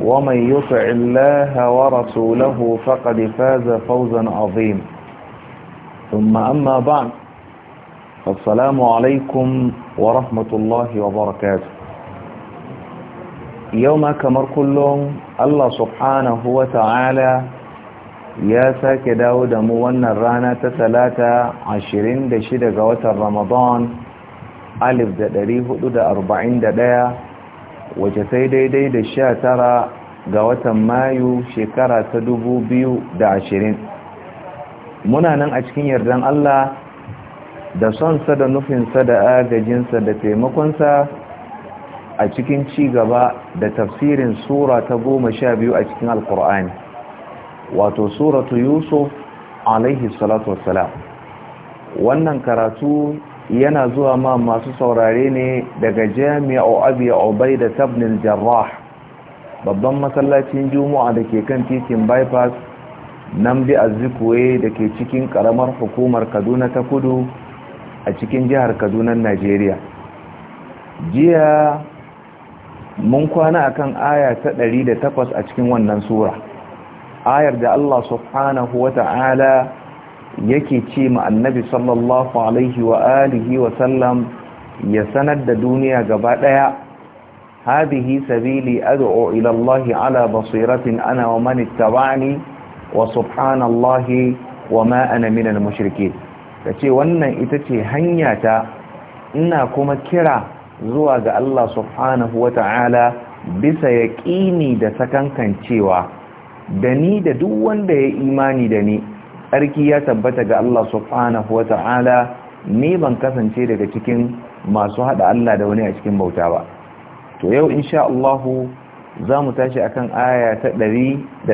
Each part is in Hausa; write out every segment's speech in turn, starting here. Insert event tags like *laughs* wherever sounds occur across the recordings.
ومن يطع الله ورسوله فقد فاز فوزا عظيما ثم أما بعد السلام عليكم ورحمة الله وبركاته يوم كمر كلهم الله سبحانه وتعالى ya sake dawo da mu wannan rana ta talata ashirin da shida ga watan ramadan alif da da da ɗari arba'in ɗaya wace sai daidai da sha tara ga watan mayu shekara ta dubu biyu da ashirin muna nan a cikin yardan Allah da sonsa da nufinsa da agajinsa da taimakonsa a cikin ci gaba da tafsirin sura ta goma sha biyu a cikin alkur'ani wato suratu yusuf alaihi salatu wassalam wannan karatu yana zuwa ma masu saurare ne daga jami'a abu obai da tabnil jarrah babban masallacin juma'a da ke kan titin bypass nan bi azikuwe da ke cikin karamar hukumar kaduna ta kudu a cikin jihar kaduna najeriya jiya mun kwana a kan aya ta da takwas a cikin wannan sura ayar da allah subhanahu wa ta'ala yake ce ma annabi sallallahu alaihi wa alihi wa sallam ya sanar da duniya gaba daya hadhihi sabili ad'u ila Allah ala basiratin ana wa man ittaba'ani wa subhanallahi wa ma ana minal mushrikeen kace wannan ita ce hanya ta ina kuma kira zuwa ga Allah subhanahu wa ta'ala bisa yaqini da sakankan cewa da da duk wanda ya imani da ni tsarki ya tabbata ga Allah subhanahu wa ta'ala ni ban kasance daga cikin masu hada Allah da wani a cikin bauta ba to yau insha Allah za mu tashi akan aya ta 109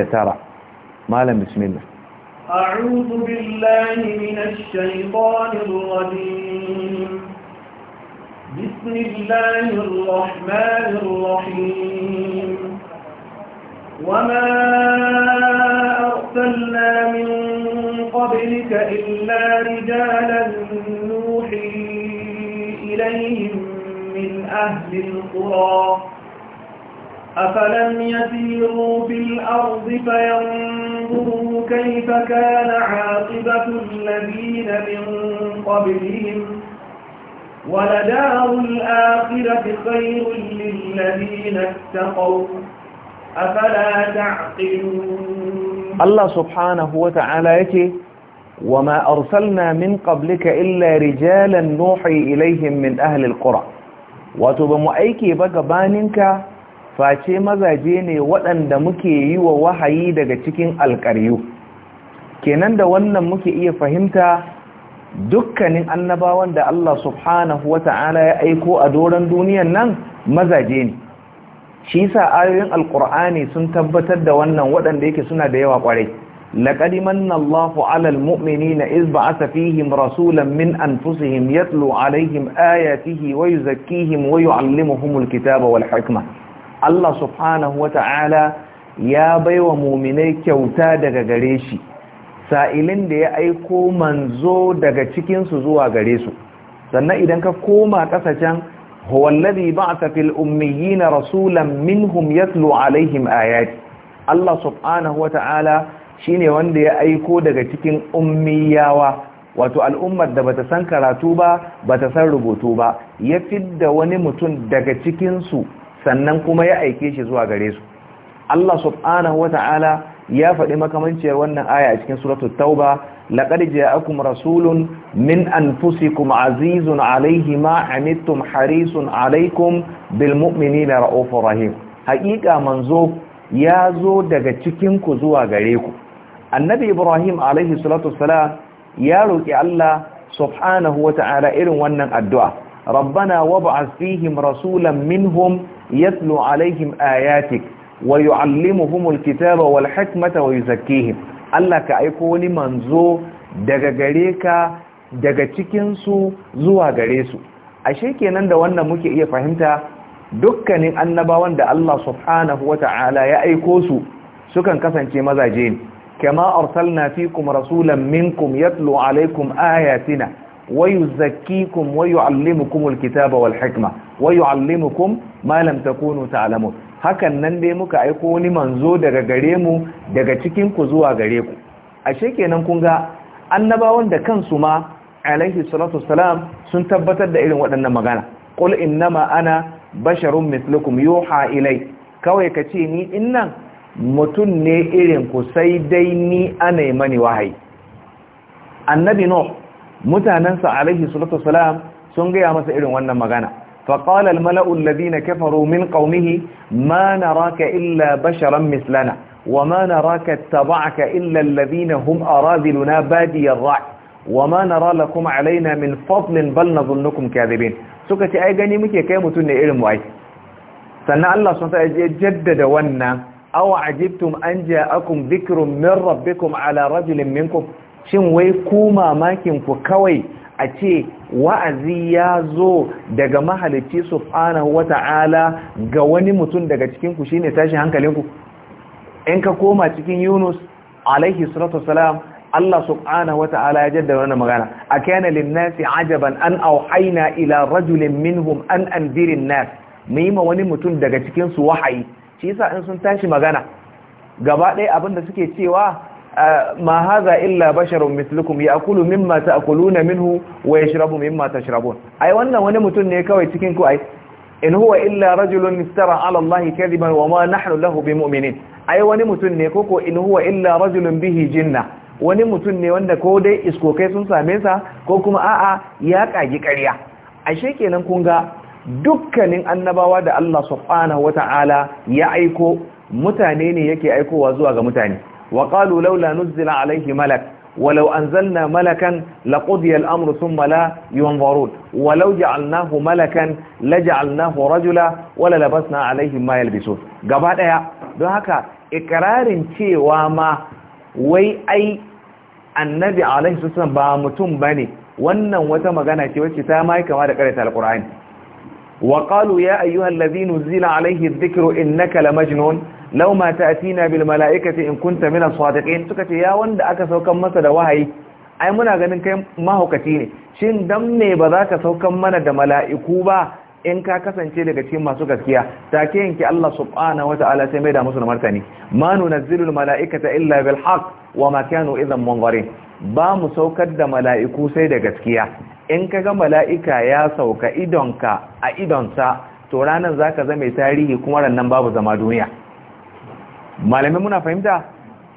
malam bismillah أعوذ بالله من الشيطان الرجيم بسم الله الرحمن الرحيم وما قبلك إلا رجالا نوحي إليهم من أهل القرى أفلم يسيروا في الأرض فينظروا كيف كان عاقبة الذين من قبلهم ولدار الآخرة خير للذين اتقوا أفلا تعقلون الله سبحانه وتعالى يكي وما أرسلنا من قبلك إلا رجالا نوحي إليهم من أهل القرى وتبم ba gabaninka? face mazaje ne waɗanda muke yi wa wahayi daga cikin alƙaryu kenan da wannan muke iya fahimta dukkanin annabawan da Allah subhanahu wata'ala ya aiko a doron duniyan nan mazaje ne shi sa ayoyin alƙur'ani sun tabbatar da wannan waɗanda yake suna da yawa ƙwarai لقد من الله على المؤمنين إذ بعث فيهم رسولا من أنفسهم يتلو عليهم آياته ويزكيهم ويعلمهم الكتاب والحكمة الله سبحانه وتعالى يا بيو مؤمني كوتا دغ غريشي sa'ilin da ya aiko manzo daga cikinsu zuwa gare su sannan idan ka koma kasashen huwallazi ba'atha fil ummiyina rasulan minhum yatlu alaihim ayati Allah subhanahu wa ta'ala shine wanda ya aiko daga cikin ummiyawa wato al'ummar da bata san karatu ba bata san rubutu ba ya fidda wani mutum daga cikinsu sannan kuma ya aike shi zuwa gare su Allah subhanahu Ta'ala ya faɗi makamanciyar wannan aya a cikin suratul tauba laqad ja'akum rasulun min anfusikum azizun alayhi ma harisun alaikum, bil mu'minina ra'ufur rahim haƙiƙa manzo ya zo daga cikinku zuwa gare ku annabi ibrahim alaihi salatu wassalam ya roki Allah subhanahu wata'ala irin wannan addu'a rabbana wab'ath fihim rasulan minhum yatlu alaihim ayatik wa yu'allimuhumul kitaba wal hikmata wa yuzakkihim Allah ka aiko wani manzo daga gare ka daga cikin su zuwa gare su ashe kenan da wannan muke iya fahimta dukkanin annabawan da Allah subhanahu wata'ala ya aiko su sukan kasance mazaje ne كما أرسلنا فيكم رسولا منكم يتلو عليكم آياتنا ويزكيكم ويعلمكم الكتاب والحكمة ويعلمكم ما لم تكونوا تعلمون hakan nan dai muka aiko wani manzo daga gare mu daga cikin ku zuwa gare ku ashe kenan kun ga annabawan da kansu ma alaihi salatu wassalam sun tabbatar da irin waɗannan magana qul innama ana basharun mithlukum yuha ilai kawai kace ni innan mutum ne irin ku sai dai ni ana mani wahayi annabi no mutanansa alaihi salatu wasalam sun gaya masa irin wannan magana فقال الملأ الذين كفروا من قومه ما نراك إلا بشرا مثلنا وما نراك اتبعك إلا الذين هم أراذلنا بادي الرعي وما نرى لكم علينا من فضل بل نظنكم كاذبين سكتي أي غني مكي كي متن إلم وعي سنة الله سنة جدد ونا aw ajibtum an ja'akum dhikrun min rabbikum ala rajulin minkum shin wai ku mamakin ku kawai a ce wa'azi ya zo daga mahalicci subhanahu wata'ala ga wani mutum daga cikin ku shine tashi hankalinku in ka koma cikin Yunus alaihi salatu wassalam Allah subhanahu wata'ala ya jaddada wannan magana akana lin-nasi ajaban an auhayna ila rajulin minhum an anzirin nas ma wani mutum daga cikin su wahayi shi yasa in sun tashi magana gaba ɗaya abin da suke cewa ah, ma haza illa basharun mislukum ya'kulu mimma ta'kuluna minhu wa yashrabu mimma tashrabun ai wannan wani mutum ne kawai cikin ku ai in huwa illa rajulun istara ala allahi kadiban wa ma nahnu lahu bimu'minin ai wani mutum ne koko in huwa illa rajulun bihi jinna wani mutum ne wanda ko dai iskokai sun same sa ko kuma a'a ya kagi ƙarya ashe kenan kun ga dukkanin annabawa da Allah subhanahu wata'ala ya aiko mutane ne yake aikowa zuwa ga mutane wa qalu laula nuzila alaihi malak walau anzalna malakan laqudiya al thumma la yunzarun walau ja'alnahu malakan laja'alnahu rajula wala labasna alaihim ma yalbisun gaba daya don haka ikrarin cewa ma wai ai annabi alaihi sallam ba mutum bane wannan wata magana ce wacce ta mai kama da karanta alqur'ani Wakalu وقالوا يا أيها الذي نزل عليه الذكر إنك لمجنون لو ما تأتينا بالملائكة إن كنت من ce. Yawan da aka sauka كم da wahayi, ai muna ganin kai mahaukaci ne shin dan me ba za ka saukan mana da mala'iku ba in ka kasance daga cikin masu gaskiya take yanki Allah subhanahu wata'ala sai mai da musu da martani ma nunazzilul mala'ikata illa bil haqq wa ma kanu idhan ba mu saukar da mala'iku sai da gaskiya in ka ga mala'ika ya sauka idonka a idonsa to ranar za ka zama tarihi kuma rannan babu zama duniya malamin muna fahimta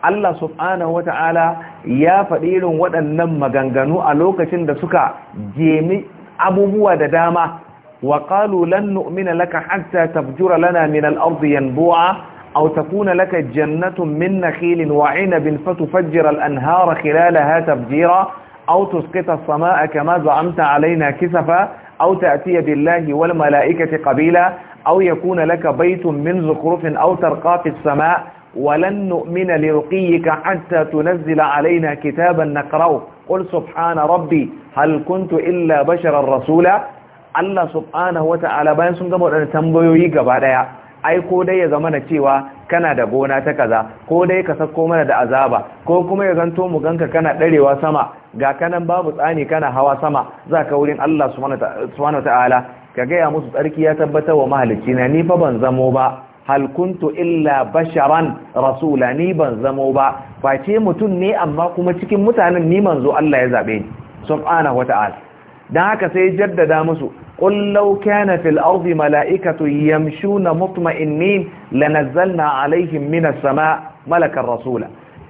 Allah subhanahu wa ta'ala ya faɗi irin waɗannan maganganu a lokacin da suka jemi abubuwa da dama wa ƙalu lan nu'mina laka hatta tafjura lana min al'ardi yanbu'a أو تكون hilin, جنة من نخيل وعنب فتفجر الأنهار خلالها tafjira أو تسقط السماء كما زعمت علينا كسفا أو تأتي بالله والملائكة قبيلا أو يكون لك بيت من زخرف أو ترقى في السماء ولن نؤمن لرقيك حتى تنزل علينا كتابا نقرأه قل سبحان ربي هل كنت إلا بشرا رسولا الله سبحانه وتعالى بان سنقم أن تنبيوي قبالا ai ko dai ya zama na cewa kana da gona ta kaza ko dai ka sako mana da azaba ko kuma ya zanto mu ganka kana darewa sama ga kanan babu tsani kana hawa sama za ka wurin Allah subhanahu ta'ala ka gaya musu tsarki ya tabbatar wa mahalicci na ni fa ban zamo ba hal kuntu illa basharan rasula ni ban zamo ba face mutum ne amma kuma cikin mutanen ni manzo Allah ya zabe ni subhanahu ta'ala dan haka sai jaddada musu قل لو كان في الأرض ملائكة يمشون مطمئنين لنزلنا عليهم من السماء ملك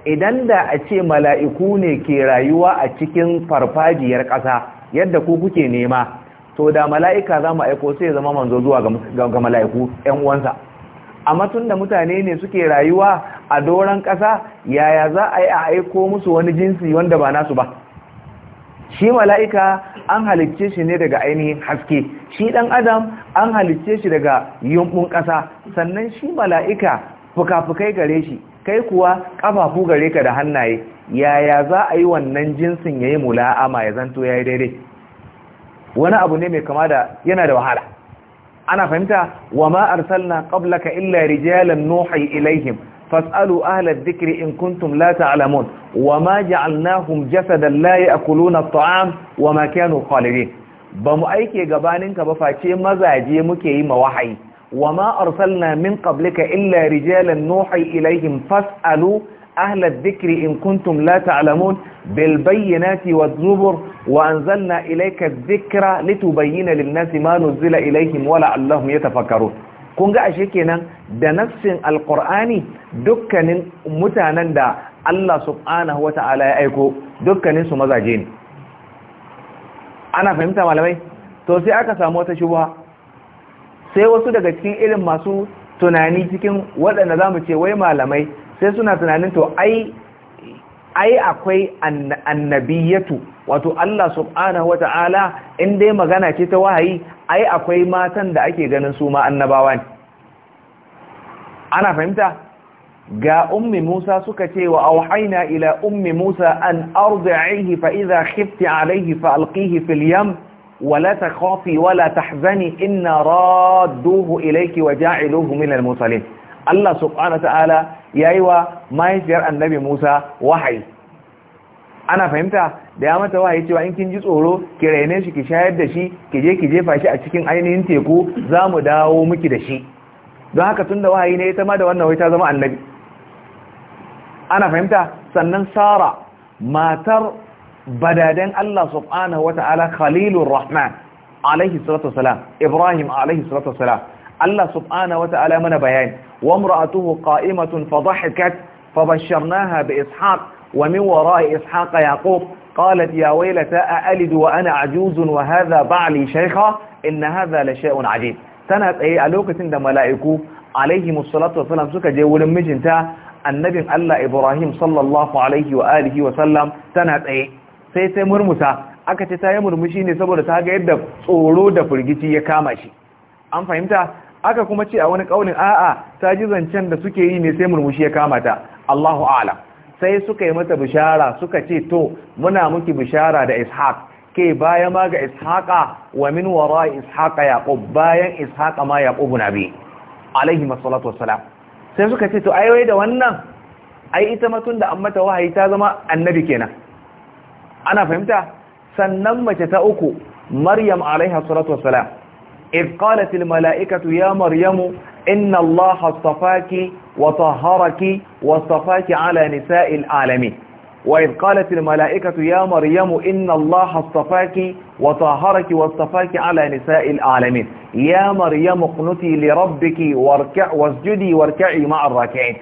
idan da a ce mala'iku ne ke rayuwa a cikin farfajiyar ƙasa yadda ku kuke nema to da mala'ika za mu aiko sai zama manzo zuwa ga mala'iku ‘yan uwansa amma tun da mutane ne suke rayuwa a doron ƙasa yaya za a yi a aiko musu wani jinsi wanda ba nasu ba shi mala'ika an halicce shi ne daga ainihin haske shi ɗan adam an halicce shi daga yumbun ƙasa sannan shi mala'ika fuka-fukai gare shi kai kuwa kafafu gare ka da hannaye yaya za a yi wannan jinsin yayi mula'ama ya zanto yayi daidai wani abu ne mai kama da yana da wahala ana fahimta wa ma arsalna ka illa rijalan nuhi ilaihim fas'alu ahla adh in kuntum la ta'lamun wa ma ja'alnahum jasadan la ya'kuluna at-ta'am wa ma kanu khalidin bamu aike gabaninka ba face mazaje muke yi ma wahayi وما أرسلنا من قبلك إلا رجالا نوحي إليهم فاسألوا أهل الذكر إن كنتم لا تعلمون بالبينات والزبر وأنزلنا إليك الذكر لتبين للناس ما نزل إليهم ولعلهم يتفكرون kun ga ashe kenan da nafsin alkur'ani dukkanin mutanen da Allah subhanahu wa ta'ala ya aiko dukkanin su mazaje ne ana fahimta malamai to sai aka samu wata shubha sai wasu daga cikin irin masu tunani cikin waɗanda za mu ce wai malamai sai suna tunanin to ai akwai annabiyatu wato Allah subhanahu Ta'ala, in dai magana ce ta wahayi ai akwai matan da ake ganin su ma annabawa ne ana fahimta ga ummi Musa suka ce wa auhayna ila ummi Musa an ardi'ihi fa idha khifti alayhi fa alqihi fil yam ولا تخافي ولا تحزني إن رادوه إليك وجاعلوه من المرسلين الله سبحانه وتعالى يايوا ما يسير النبي موسى وحي ana fahimta da ya mata wahayi cewa in kin ji tsoro ki raine shi ki shayar da shi ki je ki jefa shi a cikin ainihin teku za mu dawo miki da shi don haka tun da wahayi ne ita ma da wannan wai ta zama annabi ana fahimta sannan sara matar badaden Allah subhanahu wata'ala khalilur rahman alaihi salatu wasalam ibrahim alaihi salatu wasalam Allah subhanahu wata'ala mana bayani wa imra'atuhu qa'imatun fadhahikat fabashsharnaha bi ishaq wa min wara'i ishaq yaqub قالت يا ويلتى أألد وأنا عجوز وهذا بعلي شيخا إن هذا لشيء عجيب تنا تsaye a lokacin da mala'iku alaihi musallatu wasallam suka je wurin mijinta annabin Allah Ibrahim sallallahu alaihi wa alihi wa sallam tana tsaye sai sai murmusa aka ce ta yi murmushi ne saboda ta ga yadda tsoro da firgici ya kama shi an fahimta aka kuma ce a wani ƙaunin a'a ta ji zancen da suke yi ne sai murmushi ya kama ta Allahu ala sai suka yi mata bishara suka ce to muna muki bishara da ishaq ke baya ma ga ishaqa wa min wara ishaqa yaqub bayan ishaqa ma yaqub nabi alaihi masallatu wassalam sai suka ce to ai wai da wannan ai ita matun da an mata wahayi ta zama annabi kenan أنا فهمتها sannan mace ta uku maryam alaiha salatu إذ قالت الملائكة يا مريم إن الله اصطفاك وطهرك واصطفاك على نساء العالمين وإذ قالت الملائكة يا مريم إن الله اصطفاك وطهرك واصطفاك على نساء العالمين يا مريم اقنتي لربك واركع واسجدي واركعي مع الراكعين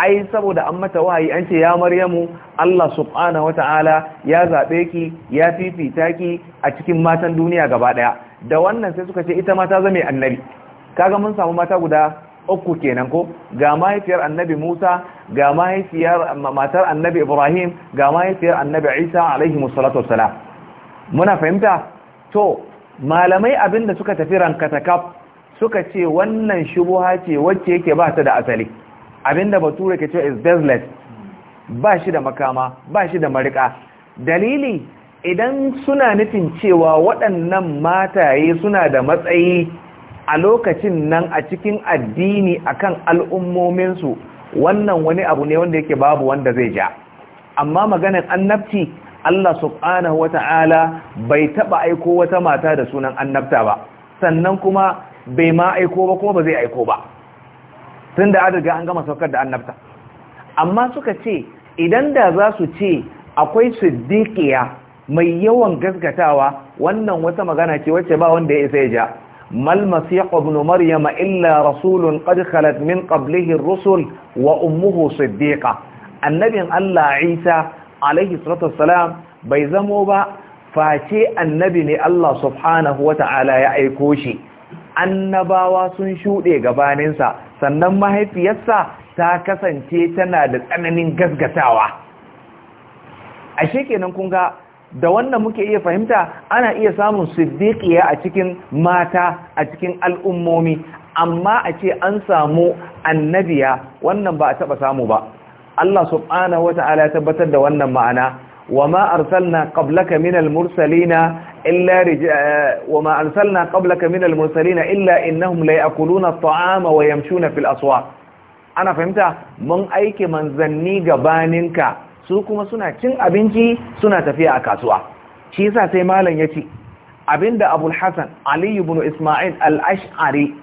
ai saboda an mata wahayi an ce ya maryamu Allah subhanahu wata'ala ya zabe ki ya fifita ki a cikin matan duniya gaba daya da wannan sai suka ce ita mata ta zame annabi kaga mun samu mata guda uku kenan ko ga mahaifiyar annabi Musa ga mahaifiyar matar annabi Ibrahim ga mahaifiyar annabi Isa alaihi musallatu wassalam muna fahimta to malamai abinda suka tafi rankatakaf suka ce wannan shubuha ce wacce yake ba ta da asali abinda bature ke cewa is baseless ba shi da makama ba shi da marika dalili idan suna nufin cewa waɗannan mataye suna da matsayi a lokacin nan a cikin addini akan al'ummominsu wannan wani abu ne wanda yake babu wanda zai ja amma maganin annabci Allah subhanahu wata'ala bai taɓa aiko wata mata da sunan annabta ba sannan kuma bai ma aiko ba kuma ba zai aiko ba tun da riga an gama saukar da annabta amma suka ce idan da za su ce akwai siddiqiya mai yawan gaskatawa wannan wata magana ce wacce ba wanda ya isa ya ja mal masih ibn maryam illa rasulun qad min qablihi rusul wa ummuhu Siddika. annabin Allah Isa alaihi salatu bai zamo ba face annabi ne Allah subhanahu wata'ala ya aiko shi annabawa sun shuɗe gabaninsa sannan mahaifiyarsa ta kasance tana da tsananin gasgatawa ashe kenan kun ga da wannan muke iya fahimta ana iya samun siddiqiya a cikin mata a cikin al'ummomi amma a ce an samu annabiya wannan ba a taba samu ba Allah subhanahu wata'ala ya tabbatar da wannan ma'ana wa ma arsalna qablaka minal mursalina illa wama arsalna qablaka min Mursalina, illa innahum la yaakuluna at'ama wa yamshuna fil ana fahimta mun aike manzanni gabaninka su kuma suna cin abinci suna tafiya a kasuwa shi yasa sai malam ya ci. abinda abul Aliyu ali isma'il al-ash'ari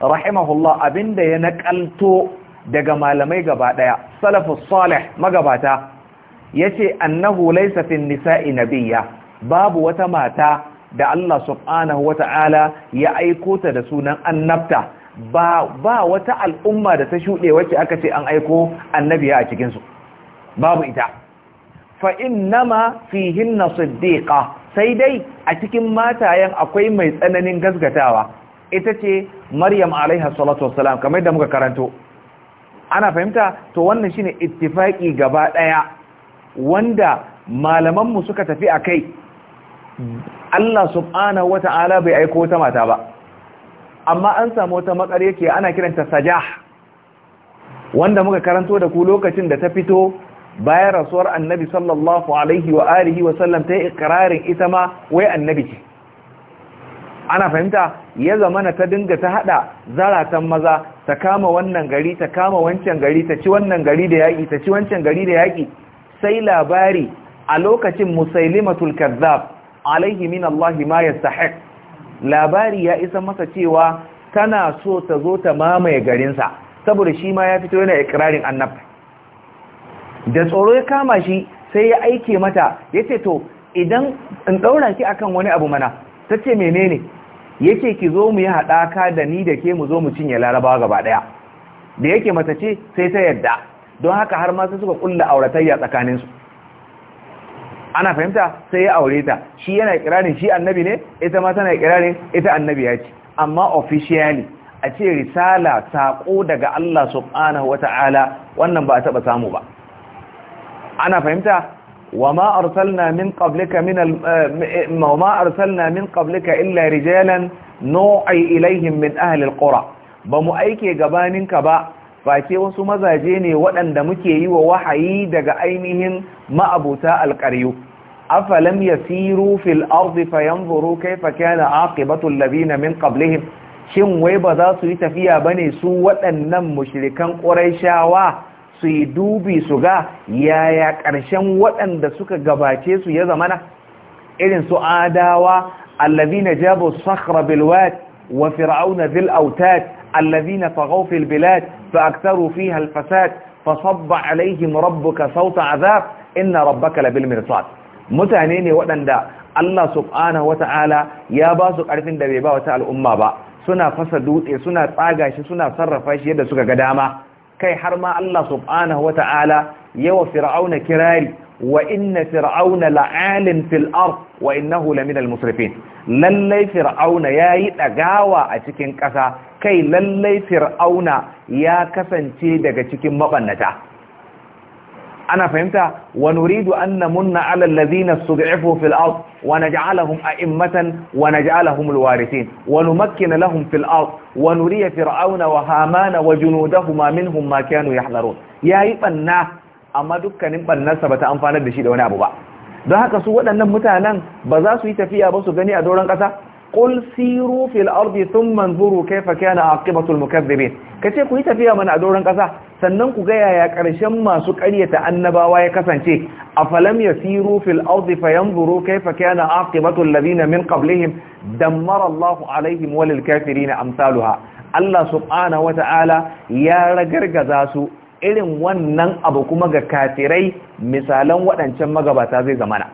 rahimahullah abinda ya nakalto daga malamai gaba daya salafus salih magabata yace annahu laysa nisa an-nisa'i babu wata mata da Allah subhanahu Ta'ala ya aiko ta da sunan annabta ba ba wata al'umma da ta shuɗe wacce aka ce an aiko annabiya a cikinsu babu ita fa innama fihinna siddiqa sai dai a cikin matayen akwai mai tsananin gasgatawa ita ce maryam alaiha salatu wassalam kamar da muka karanto ana fahimta to wannan shine ittifaki gaba daya wanda malaman mu suka tafi akai Allah subhanahu wata'ala bai aiko wata mata ba amma an samu wata makar yake ana kiranta sajah wanda muka karanto da ku lokacin da ta fito bayan rasuwar annabi sallallahu alaihi wa alihi wa sallam ta yi ikirarin ita ma wai annabi ce ana fahimta ya zamana ta dinga ta haɗa zaratan maza ta kama wannan gari ta kama wancan gari ta ci wannan gari da yaƙi ta ci wancan gari da yaƙi sai labari a lokacin musailimatul kazzab alaihi min Allah ma yastahiq labari ya isa masa cewa tana so ta zo ta mamaye garinsa saboda shi ma ya fito yana ikrarin annabi da tsoro ya kama shi sai ya aike mata yace to idan in daura ki akan wani abu mana tace menene yace ki zo mu yi haɗaka da ni da ke mu zo mu cinye larabawa gaba ɗaya da yake mata ce sai ta yadda don haka har ma sai suka kulla auratayya tsakaninsu ana fahimta sai ya aure ta shi yana kirarin shi annabi ne ita ma tana kirarin ita annabi ya ce amma officially a ce risala sako daga Allah subhanahu wannan ba a taba samu ba ana fahimta wa ma arsalna min qablika min al ma eh, ma arsalna min illa rijalan nu'i ilaihim min ahli al ba mu aike gabaninka ba bace wasu mazaje ne waɗanda muke yi wa wahayi daga ainihin ma'abota alƙaryu أفلم يسيروا في الأرض فينظروا كيف كان عاقبة الذين من قبلهم شن ويبا ذاتو يتفيا بني سوء وأنم مشركان قريشاوا سيدوبي سوغا ياياك أرشان وأن دسوك قباتيسو يزمنا إذن سؤاداوا الذين جابوا الصخر بالواد وفرعون ذي الأوتاد الذين طغوا في البلاد فأكثروا فيها الفساد فصب عليهم ربك صوت عذاب إن ربك لبالمرصاد mutane ne waɗanda Allah subhanahu wata'ala ya ba su ƙarfin da bai ba wata al'umma ba suna fasa dutse suna tsaga shi suna sarrafa shi yadda suka ga dama kai har ma Allah subhanahu wata'ala yawa fir'auna kirari wa inna fir'auna la'alin fil ard wa innahu laminal musrifin lallai fir'auna yayi dagawa a cikin ƙasa kai lallai fir'auna ya kasance daga cikin mabannata ana fahimta wa nuridu an namunna ala alladhina sud'ifu fil ard wa naj'alahum a'immatan wa naj'alahum alwarithin wa numakkina lahum fil ard wa nuriya fir'auna wa hamana wa junudahuma minhum ma kanu yahdharun yayi banna amma dukkanin bannarsa bata amfanar da shi da wani abu ba don haka su waɗannan mutanen ba za su yi tafiya ba su gani a doron ƙasa qul siru fil sun thumma anzuru kayfa kana aqibatu al mukaththibin kace ku yi tafiya mana a doron kasa sannan ku ga yaya karshen masu ƙaryata annabawa ya kasance afalam yasiru fil ardi fayanzuru kayfa kana aqibatu alladhina min qablihim dammara Allahu alaihim walil kafirin amsaluha Allah subhanahu Ta'ala ya ragargaza su irin wannan abu kuma ga kafirai misalan waɗancan magabata zai zamana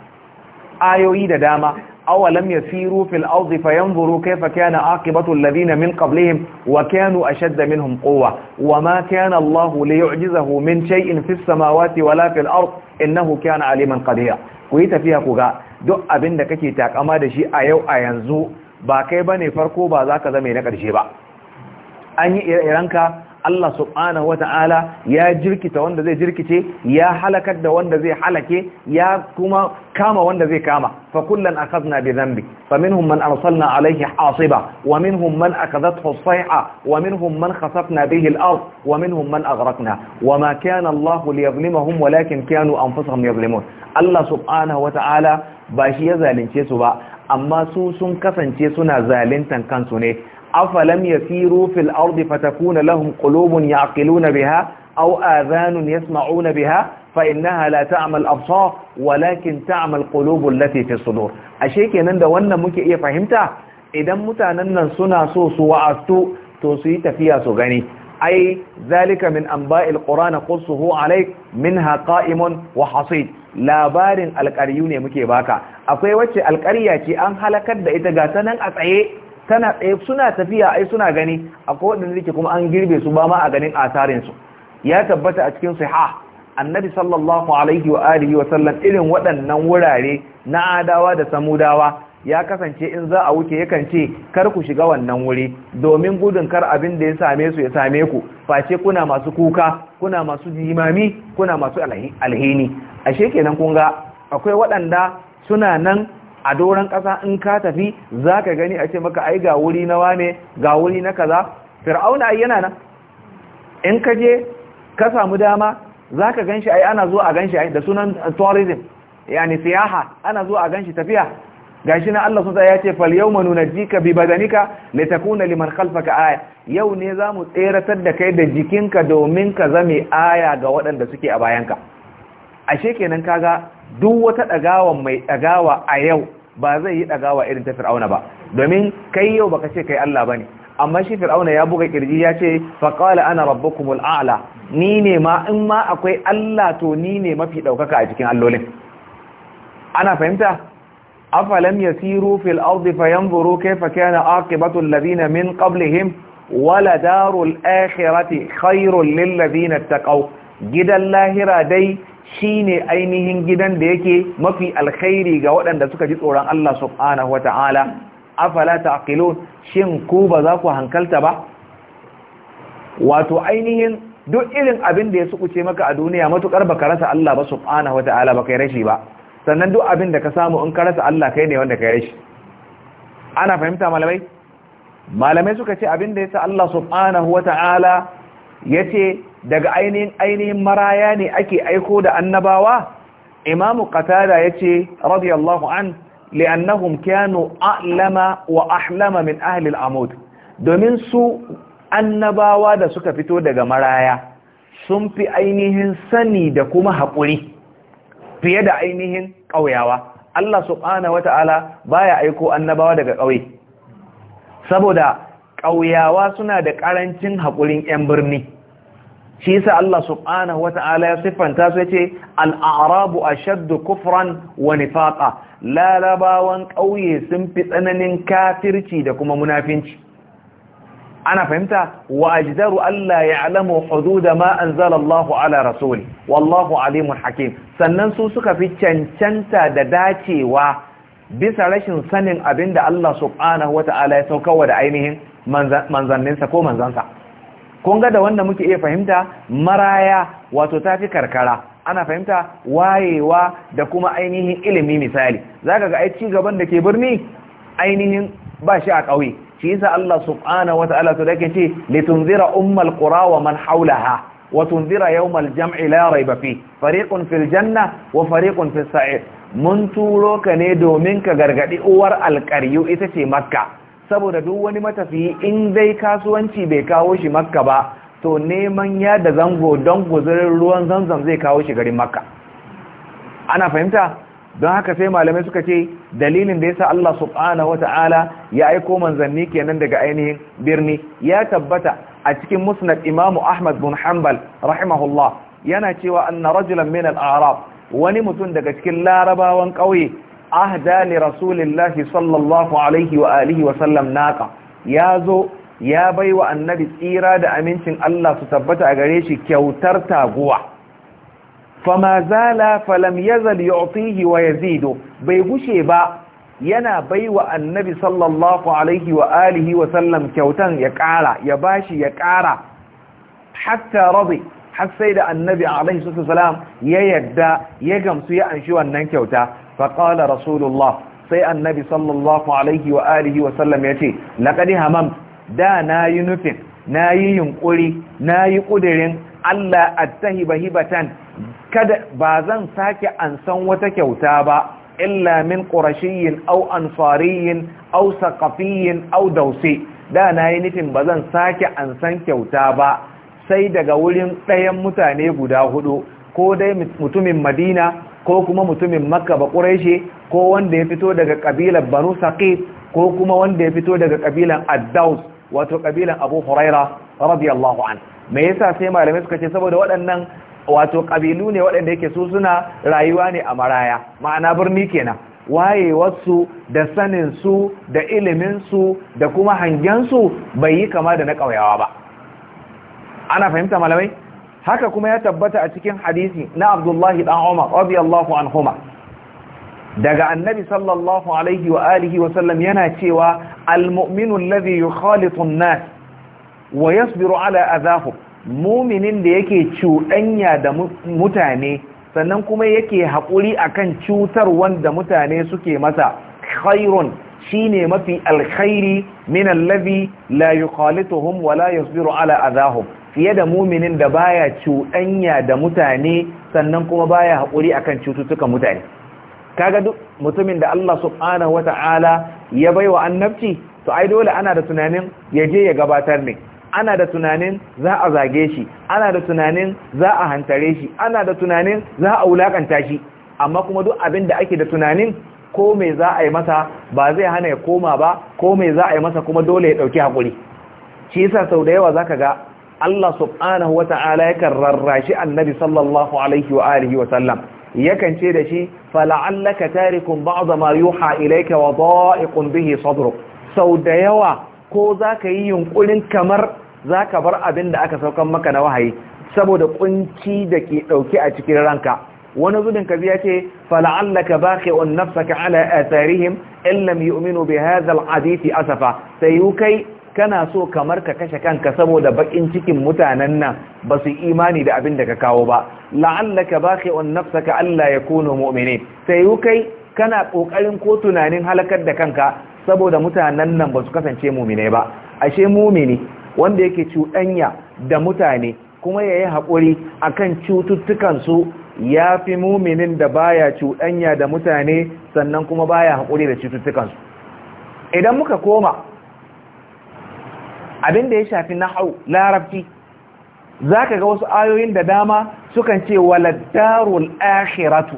ayoyi da dama awalam yasiru fil fa fayanzuru kayfa kana aqibatu alladhina min qablihim wa kanu ashadda minhum quwwa wama kana Allahu liyu'jizahu min shay'in fis samawati wala fil in innahu kana aliman qadira ku yi tafiya ku ga duk abin da kake takama da shi a yau a yanzu ba kai bane farko ba zaka zame na karshe ba an yi iranka Allah subhanahu wata'ala ya jirkita wanda zai jirkice ya halakar da wanda zai halake ya kuma kama wanda zai kama fa kullan akhadna bi dhanbi faminhum man arsalna alayhi hasiba wa minhum man akhadathu sayha wa minhum man khasafna bihi al-ard wa minhum man aghraqna wa ma kana Allah liyadhlimahum walakin kanu anfusahum yadhlimun Allah subhanahu wata'ala ba shi ya zalunce su ba amma su sun kasance suna zaluntan kansu ne أفلم يسيروا في الأرض فتكون لهم قلوب يعقلون بها أو آذان يسمعون بها فإنها لا تعمل أبصار ولكن تعمل قلوب التي في الصدور أشيك ينند وأن ممكن إيه فهمتا إذا متعنن سنة سوس وعستو توسيت فيها سغني أي ذلك من أنباء القرآن قصه عليك منها قائم وحصيد labarin alƙaryu ne muke baka akwai wacce alƙarya ce an halakar da ita ga sanan a tsaye tana tsaye eh, suna tafiya ai suna gani akwai waɗanda yake kuma an girbe su ba ma a ganin asarin su ya tabbata a cikin Ha! annabi sallallahu alaihi wa alihi wa sallam irin waɗannan wurare na adawa da samudawa ya kasance in za a wuce yakan ce kar ku shiga wannan wuri domin gudun kar abin da ya same su ya same ku face kuna masu kuka kuna masu jimami kuna masu alhini ashe kenan kun ga akwai waɗanda suna nan a doron ƙasa in ka tafi za ka gani a ce maka ai ga wuri na wane ga wuri na kaza fir'auna ai yana nan in ka je ka samu dama za ka gan shi ai ana zuwa a gan shi da sunan tourism yani siyaha ana zuwa a gan shi tafiya shi na Allah sun ya ce fal na jika bi badanika litakuna liman khalfaka aya yau ne za mu tseratar da kai da jikinka domin ka zame aya ga waɗanda suke a bayanka ashe kenan kaga duk wata ɗagawa mai ɗagawa a yau ba zai yi ɗagawa irin ta fir'auna ba domin kai yau baka ce kai Allah bane amma shi fir'auna ya buga kirji ya ce faqala ana rabbukumul a'la ni ne ma in ma akwai Allah to ni ne mafi daukaka a cikin allolin ana fahimta afalam yasiru fil ardi fayanzuru kayfa kana aqibatu alladhina min qablihim wala darul akhirati khairul lil ladina taqaw gidan lahira dai shine ainihin gidan da yake mafi alkhairi ga waɗanda suka ji tsoron Allah subhanahu ta'ala. afala taqilun shin ku ba za ku hankalta ba wato ainihin duk irin abin da ya ce maka a duniya matukar baka rasa Allah ba subhanahu ba kai rashi ba sannan duk abin da ka samu in ka rasa Allah kai ne wanda kai rashi ana fahimta malamai malamai suka ce abin da ya sa Allah subhanahu ya ce. daga ainihin ainihin maraya ne ake aiko da annabawa imamu qatada yace radiyallahu an li'annahum kanu a'lama wa ahlama min ahli amud domin su annabawa da suka fito daga maraya sun fi ainihin sani da kuma haƙuri fiye da ainihin ƙauyawa Allah subhanahu wata'ala baya aiko annabawa daga ƙauye saboda ƙauyawa suna da ƙarancin haƙurin 'yan birni shi yasa Allah subhanahu wata'ala ya siffanta su yace al-a'rabu ashaddu kufran wa nifaqa larabawan ƙauye sun fi tsananin kafirci da kuma munafinci ana fahimta wa ajdaru alla ya'lamu hudud ma anzala Allah ala rasuli wallahu alimun hakim sannan su suka fi cancanta da dacewa bisa rashin sanin abinda Allah subhanahu wata'ala ya sauka wa da ainihin manzanninsa ko manzansa kun ga da wanda muke iya fahimta maraya wato ta fi karkara ana fahimta wayewa da kuma ainihin ilimi misali zaka ga ai ci gaban da ke birni ainihin ba shi a ƙauye shi yasa Allah subhanahu Ta'ala to dake ce litunzira ummal qura wa man haulaha wa tunzira yawmal jam'i la rayba fi fariqun fil janna wa fariqun fis sa'ir mun turo ka ne domin ka gargadi uwar alƙaryu ita ce makka saboda duk wani matafiyi in zai kasuwanci bai kawo shi makka ba to neman yada zango don guzurin ruwan zanzan zai kawo shi garin makka ana fahimta don haka sai malamai suka ce dalilin da ya sa Allah subhanahu wata'ala ya aiko manzanni kenan daga ainihin birni ya tabbata a cikin musnad imamu ahmad bin hanbal rahimahullah yana cewa anna rajulan min al-a'rab wani mutum daga cikin larabawan ƙauye ahda li rasulillahi sallallahu alaihi wa alihi wa sallam ya zo ya baiwa annabi tsira da amincin Allah su tabbata a gare shi kyautar taguwa fama zala falam yazal yu'tihi wa yazidu bai gushe ba yana baiwa annabi sallallahu alaihi wa alihi wa sallam kyautan ya kara ya bashi ya kara hatta radi har sai da annabi alaihi sallam ya yadda ya gamsu ya anshi wannan kyauta faƙala rasulullah sai annabi sallallahu alaihi wa alihi wa sallam ya ce laƙadi hamam da na yi nufin na yi yunƙuri na yi ƙudirin allah attahiba hibatan kada ba zan sake ansan wata kyauta ba illa min ƙurashiyin au ansariyin au saƙafiyin au dausi da na yi nufin ba zan sake ansan kyauta ba sai daga wurin ɗayan mutane guda hudu ko dai mutumin madina ko kuma mutumin makka ba ƙuraishe ko wanda ya fito daga ƙabilar banu saqif ko kuma wanda ya fito daga ƙabilar addaus wato ƙabilar abu huraira radiyallahu an me yasa sai malamai suka ce saboda waɗannan wato ƙabilu ne waɗanda yake su suna rayuwa ne a maraya ma'ana birni kenan waye wasu da sanin su da iliminsu da kuma hangen su bai yi kama da na ƙauyawa ba ana fahimta malamai haka kuma ya tabbata a cikin hadisi na abdullahi dan umar radiyallahu anhuma daga annabi sallallahu alaihi wa alihi wa sallam yana cewa almu'minu alladhi yukhalitu an-nas wa yasbiru ala adahum mu'minin da yake cuɗanya da mutane sannan kuma yake haƙuri akan cutar wanda mutane suke masa khairun shine mafi alkhairi min alladhi la yukhalituhum wa la yasbiru ala adahum fiye da muminin da baya cuɗanya da mutane sannan kuma baya haƙuri akan cututtukan mutane kaga duk mutumin da Allah subhanahu Ta'ala ya baiwa annabci to ai dole ana da tunanin ya je ya gabatar ne ana da tunanin za a zage shi ana da tunanin za a hantare shi ana da tunanin za a wulakanta shi amma kuma duk abin da ake da tunanin ko me za a yi masa ba zai hana ya koma ba ko me za a yi masa kuma dole ya ɗauki haƙuri? shi yasa sau da yawa za ka ga Allah subhanahu wata'ala yakan rarrashi annabi sallallahu alaihi wa alihi wa sallam yakan ce da shi fala'allaka tarikun ba'd zama yuha ilaika wa da'iqun bihi sadruk sau da yawa ko zaka yi yunƙurin kamar zaka bar abin da aka saukan maka na wahayi saboda kunci da ke dauke a cikin ranka wani zubin ka biya ce fala'allaka baqi'un nafsaka ala atharihim in lam yu'minu bi hadha al-hadith asafa sai kai kana so kamar ka kashe kanka saboda bakin cikin mutanen nan ba su imani da abin da ka kawo ba la'allaka wan nafsaka alla yakunu mu'minin sai kai kana kokarin ko tunanin halakar da kanka saboda mutanen nan ba su kasance mu'mine ba ashe mu'mini wanda yake cuɗanya da mutane kuma yayi hakuri akan cututtukan su yafi mu'minin da baya cuɗanya da mutane sannan kuma baya hakuri da cututtukan su idan muka koma abin da ya shafi nahau larabci zaka ga wasu ayoyin da dama sukan ce waladarul akhiratu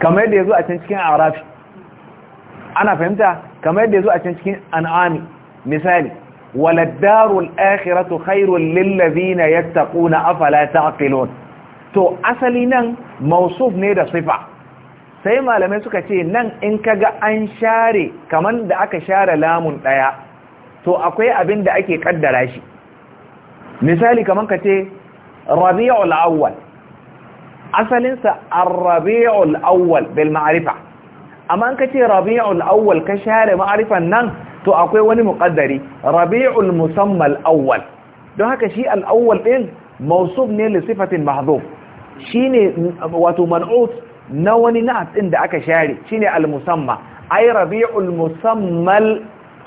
kamar yadda yazo a can cikin arafi ana fahimta kamar yadda yazo a can cikin an'ami misali waladdarul akhiratu khairul lil ladina yattaquna afala ta'qilun to asali nan mausuf ne da sifa sai malamai suka ce nan in kaga an share kaman da aka share lamun daya to akwai abin da ake kaddara shi misali kamar ka ce rabi'ul awwal asalinsa ar-rabi'ul awwal bil ma'rifa amma an ka ce rabi'ul awwal ka share ma'rifan nan to akwai wani muqaddari rabi'ul musammal awwal don haka shi al-awwal din mawsuf ne li sifatin mahdhuf shine wato man'ut na wani na'at din da aka share shine al-musamma ay rabi'ul musammal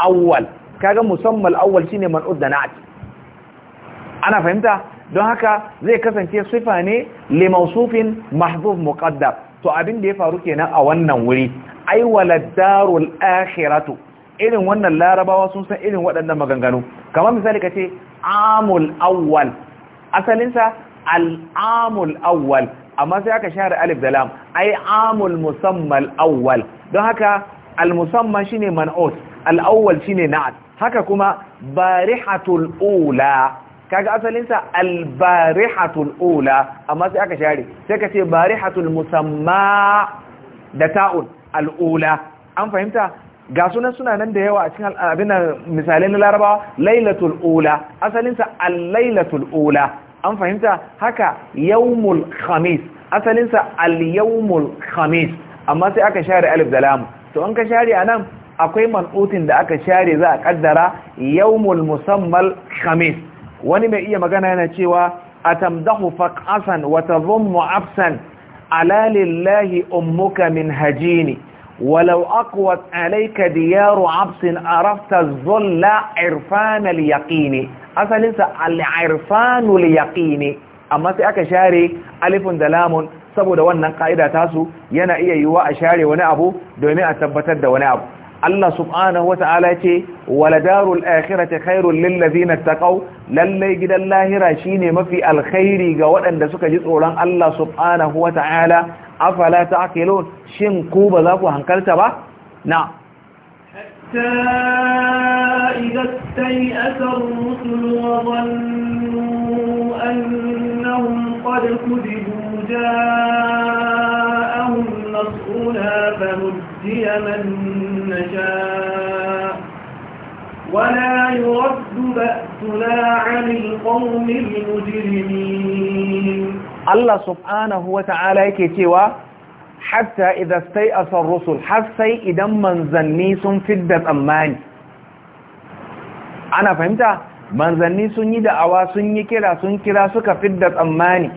awwal kaga musamman awwal shine man'ud da na'at ana fahimta don haka zai kasance sifa ne li mawsufin mahdhuf muqaddam to abin da ya faru kenan a wannan wuri ai waladdarul akhiratu irin wannan larabawa sun san irin waɗannan maganganu kamar misali kace amul awwal asalinsa al'amul awwal amma sai aka share alif da lam ai amul musammal awwal don haka al musamman shine man'ut al'awwal shine na'at haka kuma barihatul ula kaga asalinsa albarihatul ula amma sai aka share sai ka ce barihatul musamma da ta'un al'ula an fahimta ga sunan suna nan da yawa a cikin abin misali na larabawa lailatul ula asalinsa al-lailatul ula an fahimta haka yawmul khamis asalinsa al-yawmul khamis amma sai aka share alif da lam to an ka share anan akwai man'utin da aka share za a kaddara yawmul musammal khamis wani mai iya magana yana cewa atamdahu faqasan wa tadhummu absan ala lillahi ummuka min hajini walau aqwat alayka diyaru absin arafta dhulla irfan al-yaqin asalin sa al-irfan amma sai aka share alifin da lamun saboda wannan kaida tasu yana iya yiwuwa a share wani abu domin a tabbatar da wani abu Allah subhanahu ta'ala' ce waladarul akhirati khairul lil na taƙau lallai gidan lahira shine mafi alkhairi ga waɗanda suka ji tsoron Allah subhanahu wata'ala afala ta'qilun shin ku ba za ku hankalta ba na حتى إذا نصرنا فنجي من نشاء ولا يرد بأسنا عن القوم المجرمين الله سبحانه وتعالى كتوى حتى إذا استيأس الرسل حتى إذا في الدب أماني أنا فهمتها manzanni sun yi da'awa sun yi kira sun kira suka fidda tsammani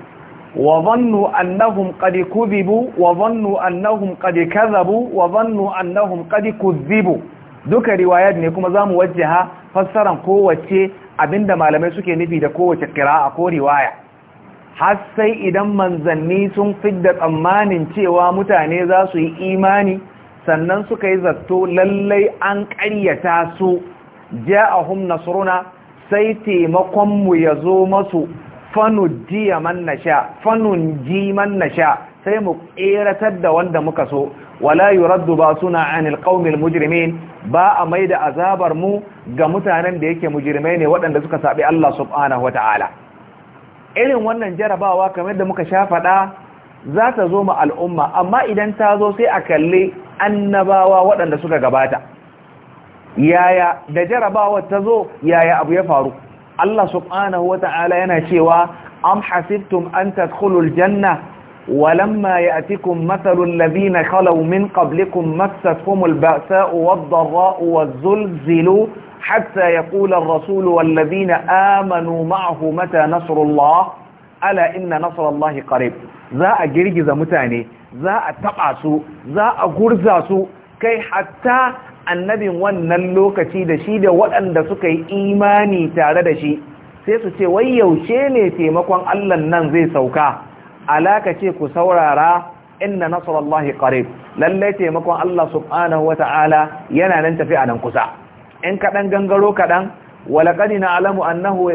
وظنوا أنهم قد كذبوا وظنوا أنهم قد كذبوا وظنوا أنهم قد كذبوا duka riwayat ne kuma zamu wajjaha fassaran kowace abinda malamai suke nufi da kowace qira'a ko riwaya har sai idan manzanni sun fidda tsammanin cewa mutane za su yi imani sannan suka yi zato lallai an ƙaryata su ja'ahum nasruna sai taimakon mu yazo masu fanujjiya man nasha fanunji man nasha sai mu ƙeratar da wanda muka so wala yuraddu ba suna anil qaumil mujrimin ba a maida azabar mu ga mutanen da yake mujrimai ne waɗanda suka sabi Allah subhanahu wataala irin wannan jarabawa kamar da muka sha faɗa za ta zo ma al'umma amma idan ta zo sai a kalli annabawa waɗanda suka gabata yaya da jarabawar ta zo yaya abu ya faru Allah subhanahu wa ta'ala yana cewa am hasibtum an tadkhulul janna ولما يأتكم مثل الذين خلوا من قبلكم مستهم البأساء والضراء والزلزلوا حتى يقول الرسول والذين آمنوا معه متى نصر الله ألا إن نصر الله قريب ذا أجرجز متاني ذا أتقعسوا ذا أقرزاسوا كي حتى annabin wannan lokaci da shi da waɗanda suka yi imani tare da shi sai su ce wai yaushe ne taimakon Allah nan zai sauka alaka ce ku saurara inna nasrallahi qarib lalle taimakon Allah subhanahu wata'ala yana nan tafi a nan kusa in kaɗan gangaro kaɗan ولقد نعلم انه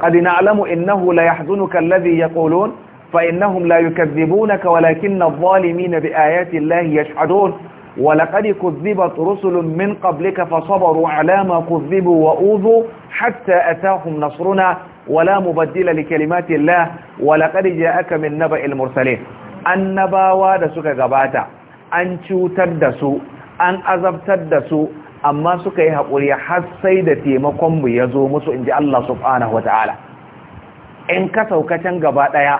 قد نعلم انه لا يحزنك الذي يقولون فانهم walakinna يكذبونك ولكن الظالمين بايات الله يشهدون ولقد كذبت رسل من قبلك فصبروا على ما كذبوا وأوذوا حتى أتاهم نصرنا ولا مبدل لكلمات الله ولقد جاءك من نبأ المرسلين nabawa da suka gabata an cutar da su an azabtar da su amma suka yi haƙuri har sai da taimakonmu ya zo musu in ji Allah subhanahu wata'ala in ka saukacin gaba ɗaya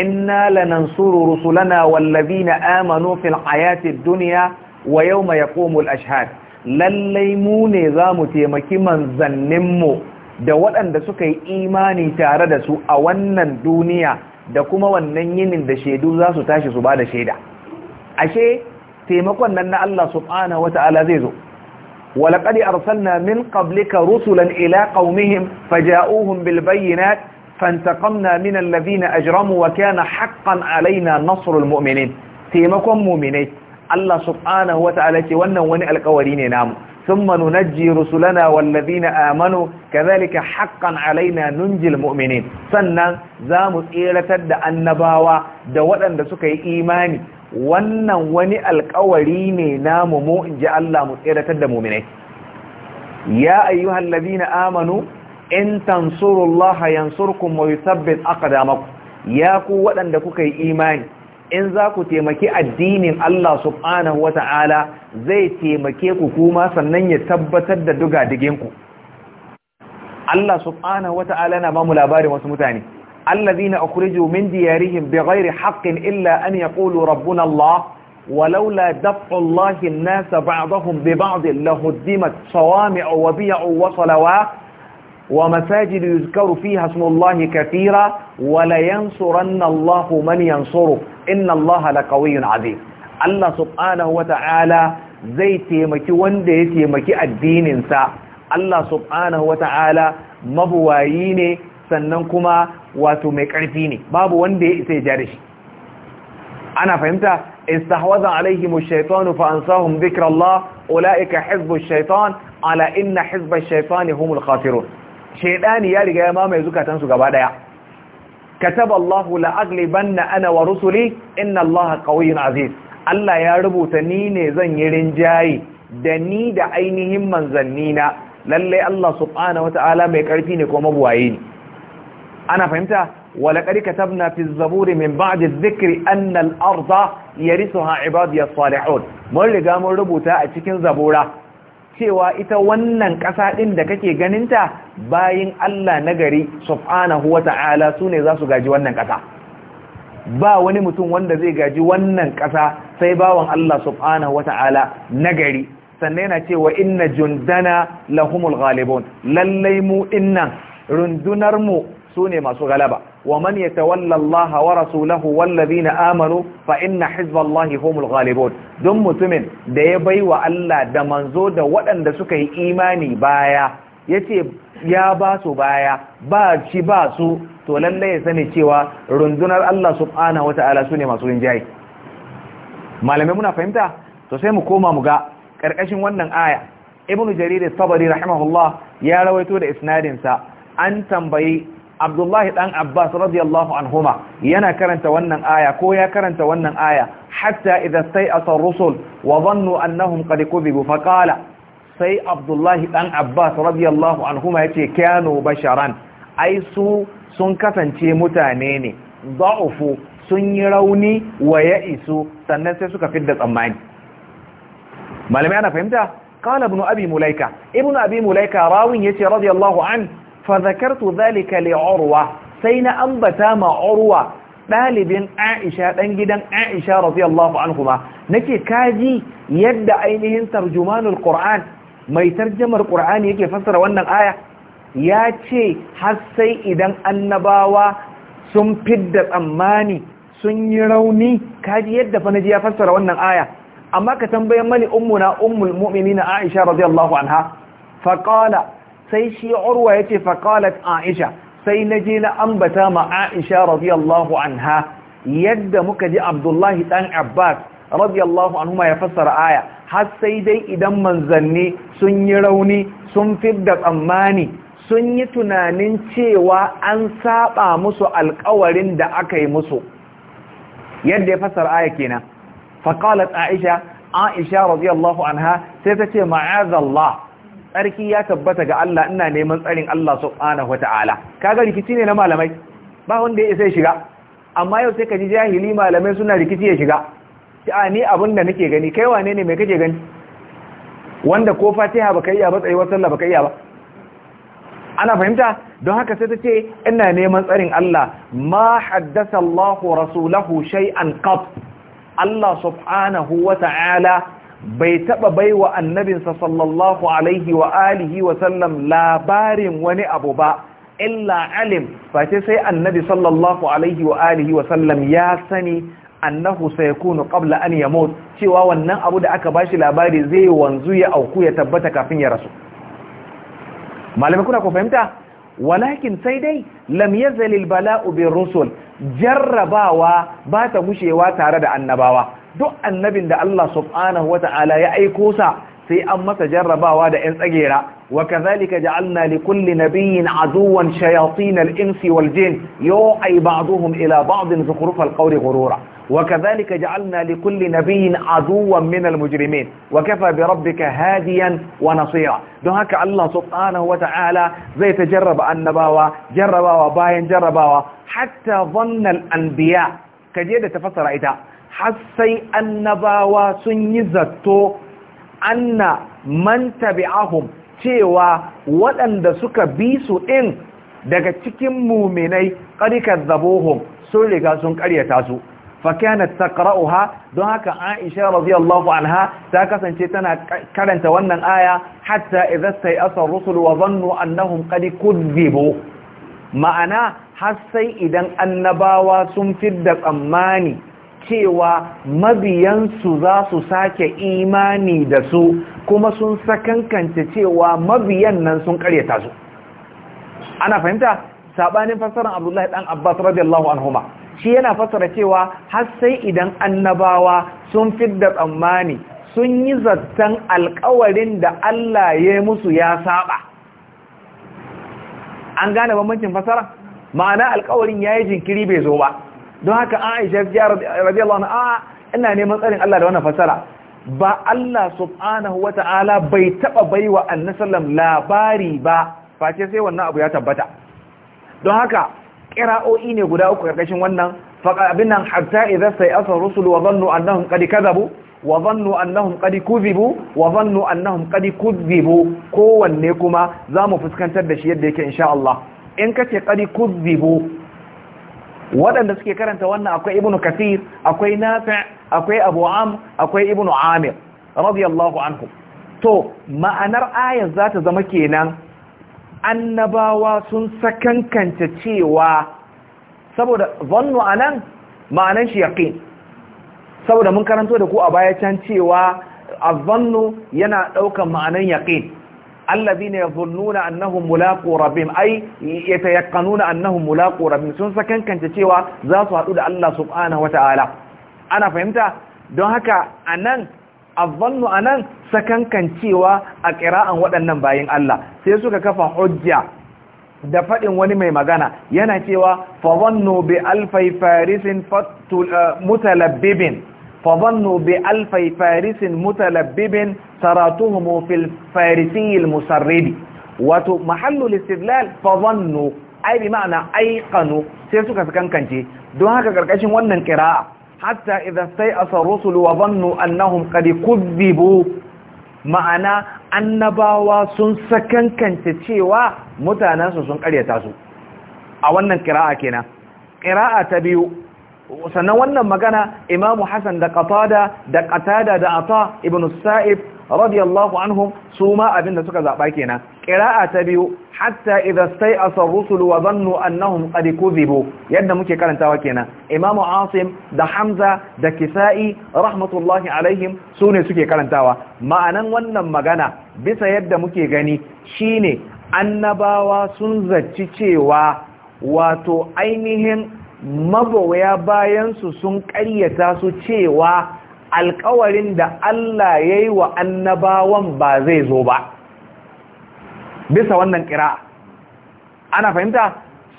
inna lanansuru rusulana wallazina amanu fil ayatid dunya wa yau mai ya komul ashad lallai mu ne zamu taimaki manzanninmu da waɗanda suka yi imani tare da su a wannan duniya da kuma wannan yinin da shaidu za su tashi su ba da shaida ashe taimakon nan na Allah subhana Wata'ala zai zo walaqad arsalna min qablika rusulan ila qaumihim faja'uuhum bil bayyinati fantaqamna min alladhina ajramu wa kana haqqan alaina nasrul mu'minin taimakon mu'minai Allah subhanahu wata'ala ce wannan wani alkawari ne namu na nunajji rusulana wallazina amanu kadhalika haqqan alaina nunjil mu'minin sannan zamu tseratar da annabawa da waɗanda suka yi imani wannan wani alkawari ne namu mu inji Allah mu tseratar da mu'minai ya ayyuhallazina amanu in tansurullaha yansurkum wa yuthabbit aqdamakum ya ku waɗanda kuka yi imani in za ku taimaki addinin Allah subhanahu wata'ala zai taimake ku kuma sannan ya tabbatar da dugadiginku Allah subhanahu wata'ala na ba mu labarin wasu mutane allazina ukhriju min diyarihim bighairi haqqin illa an yaqulu rabbuna Allah ولولا دفع الله الناس بعضهم ببعض لهدمت صوامع وبيع وصلوات ومساجد يذكر فيها اسم الله كثيرا ولينصرن الله من ينصره إن الله لقوي عزيز الله سبحانه وتعالى زي تيمكي وندي تيمكي الدين انسا الله سبحانه وتعالى مبواييني سننكما واتمكعفيني باب وندي سيجارش أنا فهمتها استحوذ عليهم الشيطان فأنساهم ذكر الله أولئك حزب الشيطان على إن حزب الشيطان هم الخاسرون shaidani ya riga ya mamaye zukatansu gaba daya kataba Allahu la'aglibanna ana wa rusuli inna Allaha qawiyyun aziz Allah ya rubuta ni ne zan yi rinjayi da ni da ainihin manzannina Lallai lalle Allah subhanahu wata'ala mai karfi ne kuma mabuwaye ne ana fahimta wala qad katabna fi zaburi min ba'di adh-dhikri anna al-ardha yarisuha ibadiy as-salihun mun riga mun rubuta a cikin zabura cewa ita wannan ƙasa ɗin da kake ganinta bayin Allah na gari subhanahu wa ta'ala su ne za su gaji wannan ƙasa ba wani mutum wanda zai gaji wannan ƙasa sai bawan Allah subhanahu wa ta'ala na gari sannan yana cewa inna jundana lahumul ghalibun lallai mu dinnan rundunar mu su ne masu galaba Wa ومن يتولى الله ورسوله والذين آمنوا فإن حزب الله هم الغالبون Don mutumin da ya baiwa Allah da manzo da waɗanda suka yi imani baya yace ya basu baya ba shi ba su to lalle ya sani cewa rundunar Allah subhanahu wataala sune masu rinjaye malamai muna fahimta to sai mu koma mu ga karkashin wannan aya ibnu jarir tabari rahimahullah ya rawaito da isnadin an tambayi abdullahi dan abbas radiyallahu anhuma yana karanta wannan aya ko ya karanta wannan aya hatta idza sai'asa rusul wa dhannu annahum qad kuzibu fa qala sai abdullahi dan abbas radiyallahu anhuma yace kanu basharan ai su sun kasance mutane ne da'ufu sun yi rauni wa ya'isu sannan sai suka fidda tsammani malamai ana fahimta قال ابن أبي مليكة ابن أبي مليكة rawin يتي رضي الله fa zakartu zalika li sai na ambata ma urwa ɗalibin Aisha ɗan gidan Aisha radiyallahu anhu ma nake kaji yadda ainihin tarjumanul Qur'an mai tarjamar Qur'ani yake fassara wannan aya ya ce har sai idan annabawa sun fidda tsammani sun yi rauni kaji yadda fa naji ya fassara wannan aya amma ka tambayan mani ummuna ummul mu'minina Aisha radiyallahu anha faqala sai shi urwa yace fa qalat aisha sai naje na ambata ma aisha radiyallahu anha yadda muka ji abdullahi dan abbas radiyallahu anhuma ya fassara aya har sai dai idan manzanni sun yi rauni sun fidda tsammani sun yi tunanin cewa an saba musu alkawarin da aka yi musu yadda ya fassara aya kenan faqalat aisha aisha radiyallahu anha sai ta ce ma'azallah tsarki ya tabbata ga Allah ina neman tsarin Allah subhanahu wataala kaga rikici ne na malamai ba wanda ya isa shiga amma yau sai ka ji jahili malamai suna rikici ya shiga ta a ni abin da nake gani kai wane ne mai kake gani wanda ko fatiha baka iya ba tsayuwar sallah baka iya ba ana fahimta don haka sai ta ce ina neman tsarin Allah ma haddasa Allah rasulahu shay'an qat Allah subhanahu wa ta'ala bai taba baiwa annabinsa sallallahu alaihi wa alihi wa sallam labarin wani abu ba illa alim face sai annabi sallallahu alaihi wa alihi wa sallam ya sani annahu sayakunu qabla an yamut cewa wannan abu da aka bashi labari zai wanzu ya auku ya tabbata kafin ya rasu malamai kuna ku fahimta walakin sai dai lam yazal al bala'u bir rusul jarrabawa ba ta gushewa tare da annabawa duk annabin da Allah subhanahu wata'ala ya aiko sa sai an masa jarrabawa da ƴan tsagera wa kazalika ja'alna li kulli nabiyyin aduwan shayatin al-insi wal jin yu'ay ba'dhum ila ba'd zukhruf al-qawli ghurura wa kazalika ja'alna li kulli nabiyyin aduwan min al-mujrimin wa kafa bi rabbika hadiyan wa nasira don haka Allah subhanahu wata'ala zai tajarraba annabawa jarrabawa bayan jarrabawa hatta dhanna al-anbiya kaje da tafassara ita har sai annabawa sun yi zato anna man tabi'ahum cewa waɗanda suka bi su ɗin daga cikin muminai ƙarikar zabohun sun riga sun ƙaryata su ta taqra'uha don haka Aisha radiyallahu anha ta kasance tana karanta wannan aya hatta idza sayasa rusul wa dhannu annahum qad kudzibu ma'ana har sai idan annabawa sun fidda tsammani cewa mabiyansu za su sake imani da su kuma sun sakankanta cewa mabiyan nan sun karyata su ana fahimta sabanin fassarar abdullahi dan abbas radiyallahu anhuma shi yana fassara cewa har sai idan annabawa sun fidda tsammani sun yi zattan alkawarin da Allah ya musu ya saba an gane bambancin fassara? ma'ana alkawarin ya yi jinkiri bai zo ba don haka Aisha radiyallahu anha ina neman tsarin Allah da wannan fasara ba Allah subhanahu wata'ala bai taba baiwa annabi labari ba face sai wannan abu ya tabbata don haka kira'o'i ne guda uku karkashin wannan faqa abinan hatta idza sayasa rusul wa dhannu annahum qad kadhabu wa dhannu annahum qad kuzibu wa dhannu annahum qad kuzibu kowanne kuma zamu fuskantar da shi yadda yake insha Allah in kace qad kuzibu waɗanda suke karanta wannan akwai ibnu kasir akwai nafi' akwai abu am akwai ibnu amir radiyallahu anhu to ma'anar ayar za ta zama kenan annabawa sun sakankanta cewa saboda zannu anan ma'anar shi saboda mun karanto da ku a baya can cewa azannu yana ɗaukan ma'anar yaƙin. allazina yazunnuna annahum mulaqu rabbihim ay yatayaqanuna annahum mulaqu rabbihim sun sakankance cewa za su hadu da Allah subhanahu wataala ana fahimta don haka anan azzannu anan sakankancewa a qira'an waɗannan bayin Allah sai suka kafa hujja da faɗin wani mai magana yana cewa fa zannu bi alfai farisin mutalabbibin فظنوا بألف فارس متلبب تراتهم في الفارسي المسرب ومحل الاستدلال فظنوا أي بمعنى أيقنوا سيسوك سكان كنتي دون هكا كركشن ونن قراءة حتى إذا استيأس الرسل وظنوا أنهم قد كذبوا ma'ana annabawa sun sakankance cewa mutanensu sun karyata su a wannan kira'a kenan kira'a ta biyu sannan wannan magana imamu hassan da qatada da qatada da ata ibn sa'ib radiyallahu anhum su ma abin suka zaɓa kenan qira'a ta biyu hatta idza sai ar-rusul wa dhannu annahum qad kuzibu yadda muke karantawa kenan imamu asim da hamza da kisa'i rahmatullahi alaihim su ne suke karantawa ma'anan wannan magana bisa yadda muke gani shine annabawa sun zaci cewa wato ainihin Maboya bayansu sun ƙaryata su cewa alkawarin da Allah ya yi wa annabawan ba zai zo ba bisa wannan ƙira ana fahimta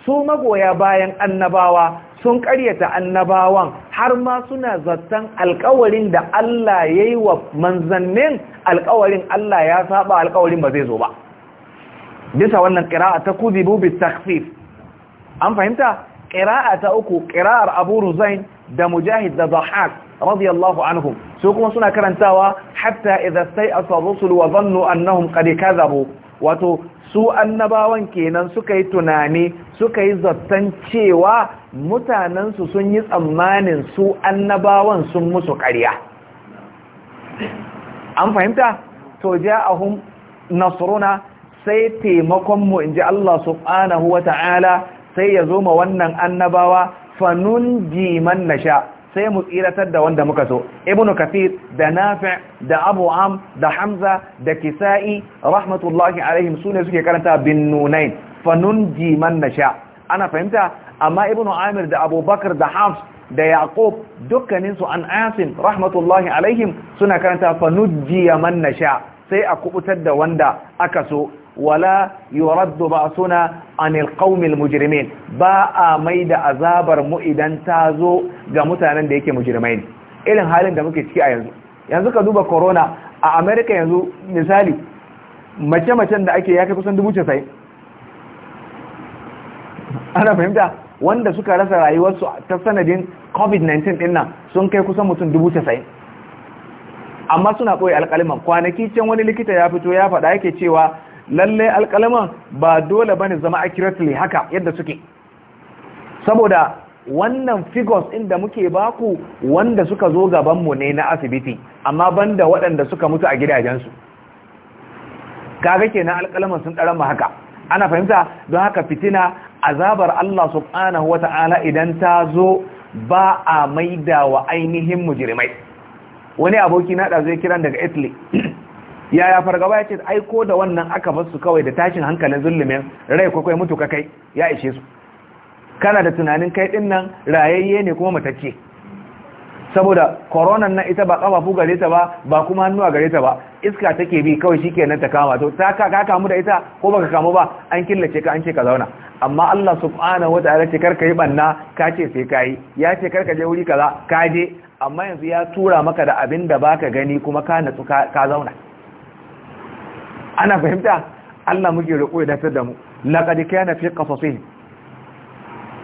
su magoya bayan annabawa sun ƙaryata annabawan har ma suna zaton alkawarin da Allah ya yi wa manzannin alkawarin Allah ya saba alkawarin ba zai zo ba bisa wannan ƙira'a ta kuzibu bubi takfif an fahimta ƙira'a ta uku ƙira'ar abu ruzain da mujahid da zahak radiyallahu anhum su kuma suna karantawa hatta idza sai rusul wa dhannu annahum kadi kadhabu wato su annabawan kenan suka yi tunani suka yi cewa mutanensu sun yi tsammanin su annabawan sun musu ƙarya an fahimta to ja'ahum nasruna sai taimakon mu inji Allah subhanahu wata'ala sai ya zo ma wannan annabawa fanunji man nasha sai mu tsiratar da wanda muka so ibnu kathir da nafi' da abu am da hamza da kisa'i rahmatullahi alaihim sune suke karanta bin nunain fanunji man sha, ana fahimta amma ibnu amir da abubakar da hafs da yaqub dukkanin su an asim rahmatullahi alaihim suna karanta fanunji man nasha sai a kubutar da wanda aka so wala يرد ba'suna عن القوم المجرمين ba a maida azabar mu idan ta zo ga mutanen da yake mujrimai irin halin da muke ciki a yanzu yanzu ka duba corona a America yanzu misali mace-macen da ake ya kai kusan 90 ana fahimta wanda suka rasa rayuwarsu ta sanadin covid-19 din nan sun kai kusan mutum 90 amma suna koyi alƙaliman kwanaki can wani likita ya fito ya faɗa yake cewa lalle alƙalaman ba dole ba bane zama accurately haka yadda suke saboda wannan figures inda muke baku wanda suka zo gabanmu ne na asibiti amma banda waɗanda suka mutu a gidajensu kaga kenan alƙalaman sun ɗaran haka ana fahimta don haka fitina azabar Allah subhanahu wata'ala idan ta zo ba a maida wa ainihin mujrimai wani aboki na ɗazu ya kiran daga Italy yaya fargaba ya ce aiko da wannan aka basu kawai da tashin hankalin zulumin rai kwakwai mutu ka kai ya ishe su kana da tunanin kai din nan rayayye ne kuma matacce saboda koronan na ita ba kafafu gare ta ba ba kuma hannuwa gare ta ba iska take bi kawai shi nan ta kama to ta ka kamu da ita ko baka kamu ba an killace ka an ce ka zauna amma Allah subhanahu wataala ce karka yi banna ka ce sai ka yi ya ce karka je wuri kaza ka je amma yanzu ya tura maka da abin da baka gani kuma ka natsu ka zauna ana fahimta Allah muke roƙo ya dace da mu laqad kana fi qasasihim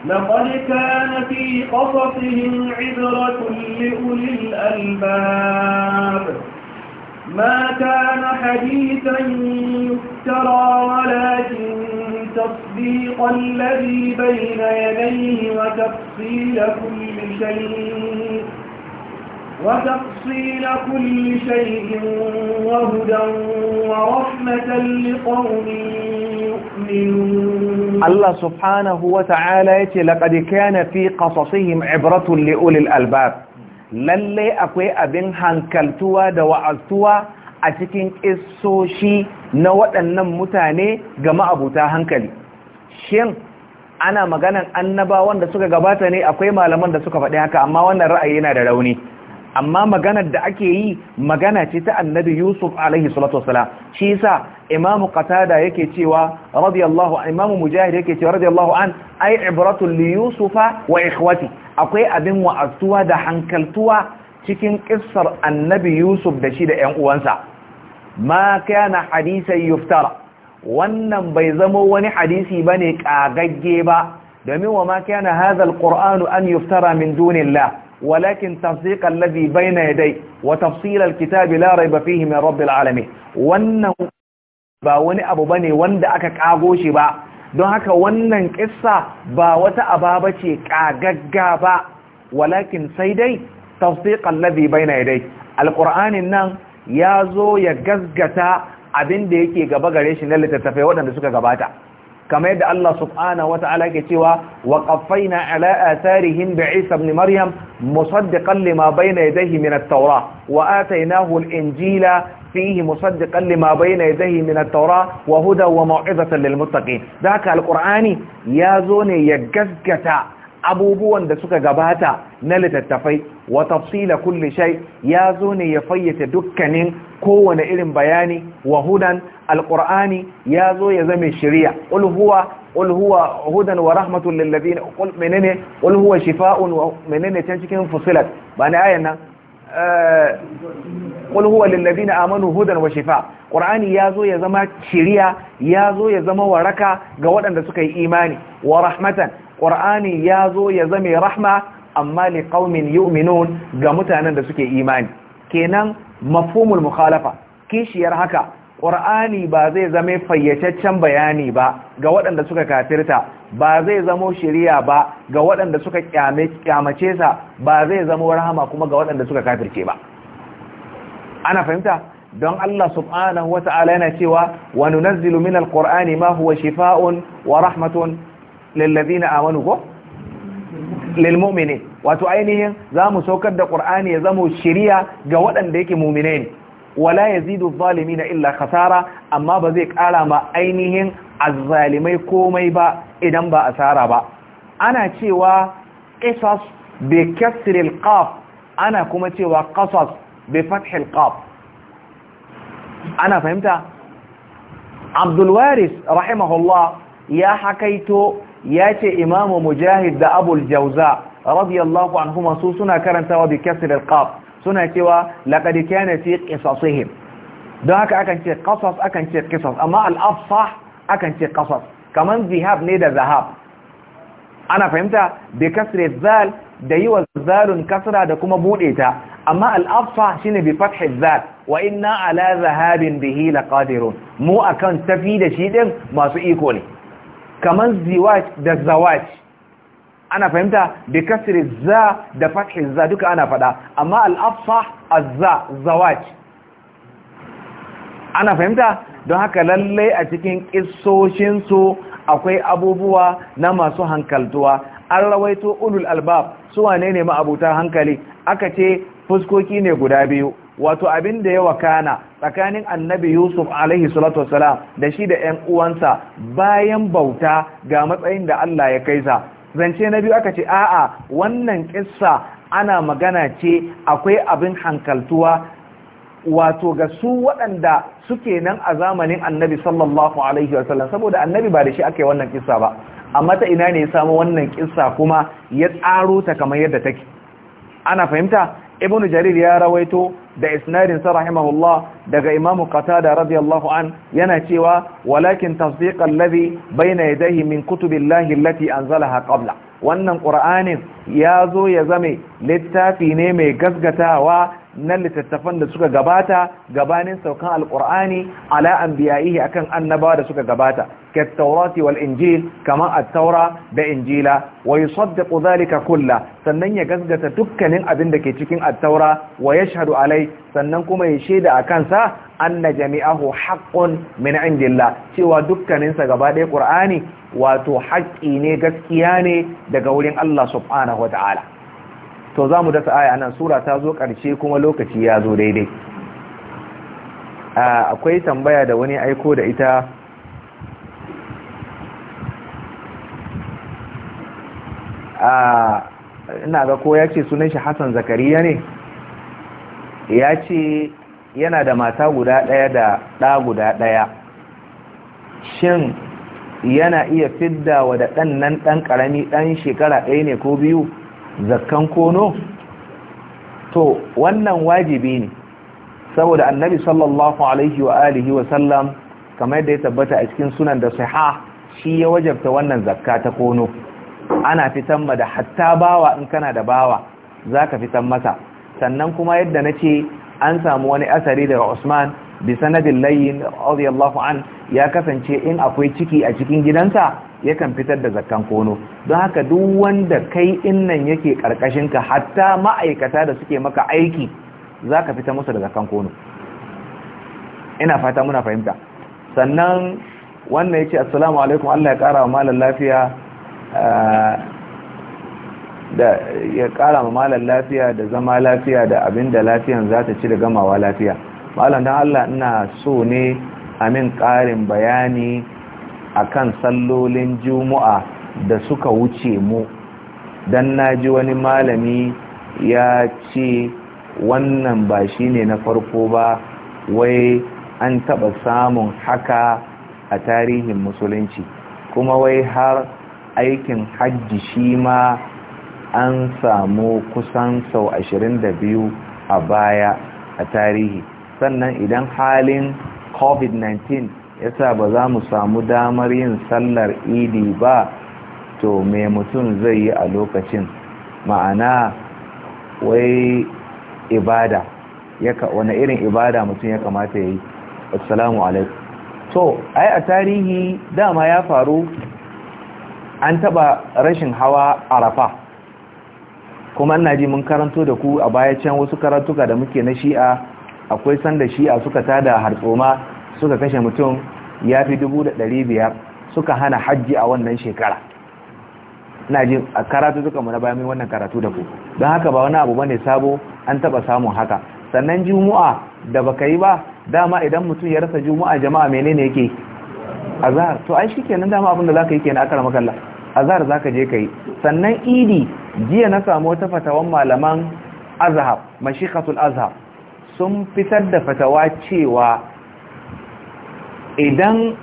laqad kana fi qasasihim 'ibratun li ulil albab ما كان حديثا يفترى ولكن تصديق الذي بين يديه وتفصيل كل شيء وتفصيل كل شيء وهدى ورحمة لقوم يؤمنون الله سبحانه وتعالى لقد كان في قصصهم عبرة لأولي الألباب lalle akwai abin hankaltuwa da wa'altuwa a cikin ƙisoshi na waɗannan mutane ga ma'abuta hankali shin ana maganan annabawan da suka gabata ne akwai malaman da suka faɗi haka amma wannan ra'ayi yana da rauni amma maganar da ake yi magana ce ta annabi yusuf alaihi salatu shi yasa imamu qatada yake cewa radiyallahu imamu mujahid yake cewa radiyallahu an ai ibratun li yusufa wa ikhwati akwai abin wa'azuwa da hankaltuwa cikin kissar annabi yusuf da shi da yan uwansa ma kana hadisan yuftara wannan bai zama wani hadisi bane kagagge ba domin wa ma kana hadha alqur'anu an yuftara min dunillah walakin tasdiqan ladhi bayna yaday wa tafsil alkitab la rayba fihi min rabbil wannan ba wani abu bane wanda aka kago shi ba don haka wannan kissa ba wata ababa ce kagagga ba walakin sai dai tasdiqan ladhi bayna yaday alqur'anin nan ya zo ya gaskata abin da yake gaba gare shi na littattafai waɗanda suka gabata kamar yadda Allah subhanahu wata'ala ke cewa wa qaffayna ala atharihim bi Isa ibn Maryam musaddiqan lima bayna yadayhi min at-Taura wa atainahu al-Injila fihi musaddiqan lima bayna yadayhi min at-Taura wa hudan wa mau'izatan lil muttaqin haka al-Qur'ani zo ne ya gaskata abubuwan da suka gabata na littattafai wa tafsila kulli shay zo ne ya fayyace dukkanin kowane irin bayani wa hudan alqur'ani ya zo ya zame shari'a qul huwa qul huwa hudan wa rahmatun lil ladina qul menene qul huwa shifaa'un wa menene can cikin fusilat ba ayan nan eh, qul huwa lil ladina amanu hudan wa shifaa qur'ani ya zo ya zama shari'a ya zo ya zama waraka ga waɗanda suka yi imani wa rahmatan qur'ani ya zo ya zame rahma amma li qaumin yu'minun ga mutanen da suke imani kenan mafhumul mukhalafa kishiyar haka ƙur'ani ba zai zama fayyataccen bayani ba ga waɗanda suka kafirta ba zai zamo shiriya ba ga waɗanda suka kyamace sa ba zai zama rahama kuma ga waɗanda suka kafirce ba ana fahimta don Allah subhanahu Ta'ala yana cewa wa nunazzilu minal qur'ani ma huwa shifaa'un wa rahmatun lil ladina amanu ko lil mu'minin wato ainihin zamu saukar da qur'ani ya zamo shiriya ga waɗanda yake mu'minai wala yazidu na illa khasara amma ba zai kara ma ainihin azzalimai komai ba idan ba asara ba ana cewa qisas bi kasr al ana kuma cewa qasas bi fath qaf ana fahimta Abdul Waris rahimahullah ya hakaito ya ce Imam Mujahid da Abu al-Jawza radiyallahu anhuma su suna karantawa bi kasr al suna cewa laqad kana fi don haka akan ce qasas akan ce qisas amma al akan ce qasas kaman zihab ne da zahab ana fahimta bi kasri zal da yi wa zalun kasra da kuma buɗe ta amma al-afsah shine bi fathi zal wa inna ala zahabin bihi laqadirun mu akan tafi da shi masu iko ne kaman ziwaj da zawaj ana fahimta da kasri za da fathi za duka ana fada amma al'afa a za zawaj ana fahimta don haka lallai a cikin ƙisoshinsu akwai abubuwa na masu hankaltuwa an rawaito ulul albab su wane ne ma'abuta hankali aka ce fuskoki ne guda biyu wato abin da ya wakana tsakanin annabi yusuf alaihi salatu wasalam da shi da 'yan uwansa bayan bauta ga matsayin da allah ya kaisa zance na biyu aka ce a'a wannan kissa ana magana ce akwai abin hankaltuwa wato ga su waɗanda suke nan a zamanin annabi sallallahu alaihi wasallam saboda annabi ba da shi aka yi wannan kissa ba amma ta ina ne ya samu wannan kissa kuma ya tsaro ta kamar yadda take ana fahimta Ibnu jarir ya rawaito da isnadinsa sa rahimahullah daga imamu qatada radiyallahu an yana cewa walakin tasdiq alladhi bayna yadayhi min kutubillahi allati anzalaha qabla wannan qur'anin ya zo ya zame littafi ne mai gasgatawa na littattafan da suka gabata gabanin saukan alkur'ani ala an biyayi akan annabawa da suka gabata kattaurati wal injil kama attaura da injila wa yusaddiqu zalika kulla sannan ya gaskata dukkanin abin da ke cikin attaura wa yashhadu alai sannan kuma ya shaida akan sa anna jami'ahu haqqun min indillah cewa dukkanin sa gaba ɗaya qur'ani wato haƙƙi ne gaskiya ne daga wurin Allah subhanahu wa ta'ala to za mu dasa aya nan sura ta zo ƙarshe kuma lokaci ya zo daidai akwai tambaya da wani aiko da ita ina ga ko ya ce sunan shi hassan zakariya ne ya ce yana da mata guda ɗaya da ɗa guda ɗaya shin yana iya fidda wa da ɗan nan ɗan ƙarami ɗan shekara ɗaya ne ko biyu zakkan kono to wannan wajibi ne saboda annabi sallallahu alaihi wa alihi wa sallam kamar da ya tabbata a cikin sunan da sahiha shi ya wajabta wannan zakka ta kono ana fitan ma da hatta bawa in kana da bawa zaka fitan masa sannan kuma yadda nace an samu wani asari daga Usman bi sanadin layyin radiyallahu an ya kasance in akwai ciki a cikin gidansa yakan fitar da zakkan kono don haka duk wanda kai innan yake karkashinka hatta ma'aikata da suke maka aiki zaka fita musu da zakkan kono ina fata muna fahimta sannan wannan yace assalamu alaikum Allah ya kara wa malan lafiya eh, da ya kara wa malan lafiya da zama lafiya da abinda lafiyan zata ci da gamawa lafiya ma'ala don Allah ina so ne a min ƙarin bayani akan sallolin juma'a da suka wuce mu Don na ji wani malami ya ce wannan ba shi ne na farko ba wai an taɓa samun haka a tarihin musulunci kuma wai har aikin hajji shi ma an samu kusan sau ashirin da biyu a baya a tarihi sannan idan halin covid-19 yasa ba za mu samu damar yin sallar idi ba to me mutum zai yi a lokacin ma'ana wai ibada wani irin ibada mutum ya kamata ya yi assalamu alaikum to ai a tarihi dama ya faru an taba rashin hawa arafa kuma ina ji mun karanto da ku a baya can wasu karantuka da muke na shi'a akwai sanda shi'a suka tada hartsoma suka kashe mutum ya fi biyar suka hana hajji a wannan shekara na ji a karatu suka mu na bayan wannan karatu da ku don haka ba wani abu bane sabo an taba samun haka sannan juma'a da baka yi ba dama idan mutum ya rasa juma'a jama'a menene yake azhar to ai shikenan dama abin da zaka yi kenan akara makalla azhar zaka je kai sannan idi jiya na samu wata fatawan malaman azhar mashikatul azhar sun fitar da fatawa cewa idan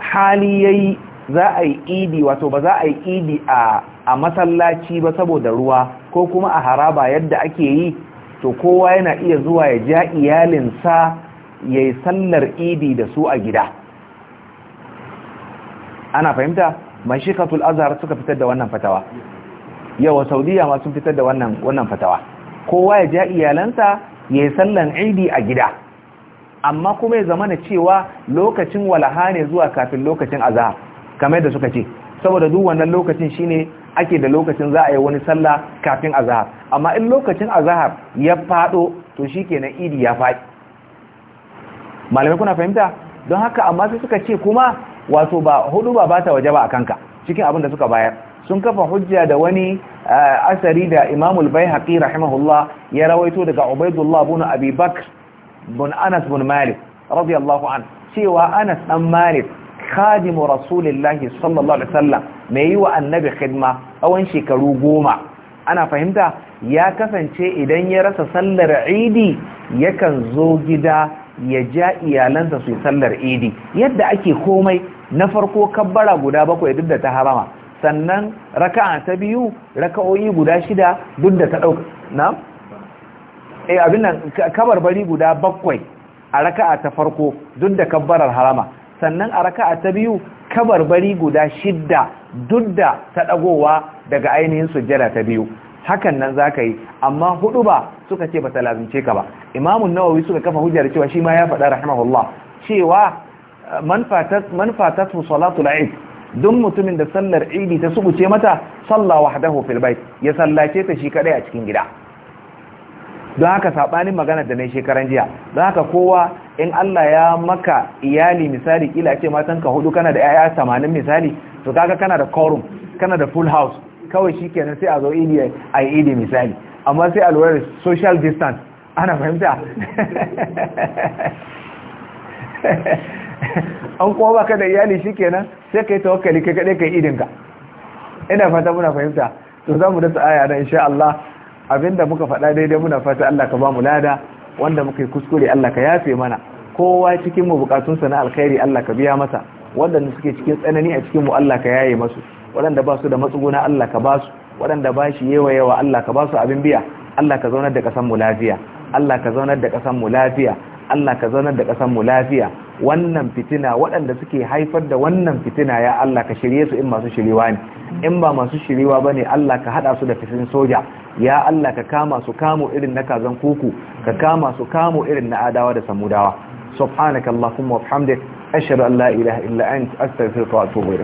hali yayi za a yi idi wato ba za a yi idi a a masallaci ba saboda ruwa ko kuma a haraba yadda ake yi to kowa yana iya zuwa ya ja iyalinsa ya yi sallar idi da su a gida ana fahimta mashikatul azhar suka fitar da wannan fatawa yawa saudiya ma sun fitar da wannan fatawa kowa ya ja iyalansa ya sallan idi a gida amma kuma ya zama cewa lokacin walaha ne zuwa kafin lokacin azahar kamar da suka ce saboda duk wannan lokacin shine ake da lokacin za a yi wani sallah kafin azahar amma in lokacin azahar ya fado to shikenan idi ya fadi malamai kuna fahimta don haka amma sai suka ce kuma wato ba hudu ba bata waje ba a kanka cikin abin da suka bayar sun kafa hujja da wani asari da Imam al-Baihaqi rahimahullah ya rawaito daga Ubaydullah ibn Abi Bakr Anas ibn Malik radiyallahu an cewa Anas dan Malik khadimu rasulillahi sallallahu alaihi wasallam mai yi wa annabi khidma tsawon shekaru goma ana fahimta ya kasance idan ya rasa sallar idi yakan zo gida ya ja iyalansa su sallar idi yadda ake komai na farko kabbara guda bakwai duk da ta harama sannan raka'a ta biyu raka'o'i guda shida duk da ta dauka na eh, abin nan kabarbari guda bakwai a raka'a ta farko duk da kabbarar harama sannan a raka'a ta biyu kabarbari guda shidda duk da ta daga ainihin sujjada ta biyu hakan nan zaka yi amma hudu ba suka ce bata lazimce ka ba imamu nawawi suka kafa hujjar cewa shi ma ya faɗa rahimahullah cewa man fatat salatul duk mutumin da sallar idi ta subuce mata salla wahdahu fil bait ya sallace ta shi kadai a cikin gida don haka sabanin magana da na shekaran jiya don haka kowa in Allah ya maka iyali misali kila ce matan ka hudu kana da yaya 80 misali to kaga kana da quorum kana da full house kawai shikenan sai a zo idi ai idi misali amma sai a lura social distance ana fahimta *laughs* an kuma baka da iyali shikenan sai ka yi tawakkali kai kaɗai ka yi idinka ina fata muna fahimta to za mu dasa aya na insha Allah Abin da muka faɗa daidai muna fata Allah ka ba mu lada wanda muka yi kuskure Allah ka yafe mana kowa cikin mu bukatunsa na alkhairi Allah ka biya masa waɗanda suke cikin tsanani a cikin mu Allah ka yaye masu waɗanda ba su da matsuguna Allah ka ba su waɗanda ba shi yawa yawa Allah ka ba su abin biya Allah ka zaunar da ƙasar mu lafiya Allah ka zaunar da ƙasar mu lafiya Allah ka zaunar da ƙasar mu lafiya wannan fitina waɗanda suke haifar da wannan fitina ya Allah ka shirye su in masu shiriwa ne in ba masu shiriwa ba ne Allah ka haɗa su da fitin soja ya Allah ka kama su kamo irin na kazan kuku ka kama su kamo irin na adawa da samudawa subhanaka allahumma wa bihamdik ashhadu an la ilaha illa anta astaghfiruka wa atubu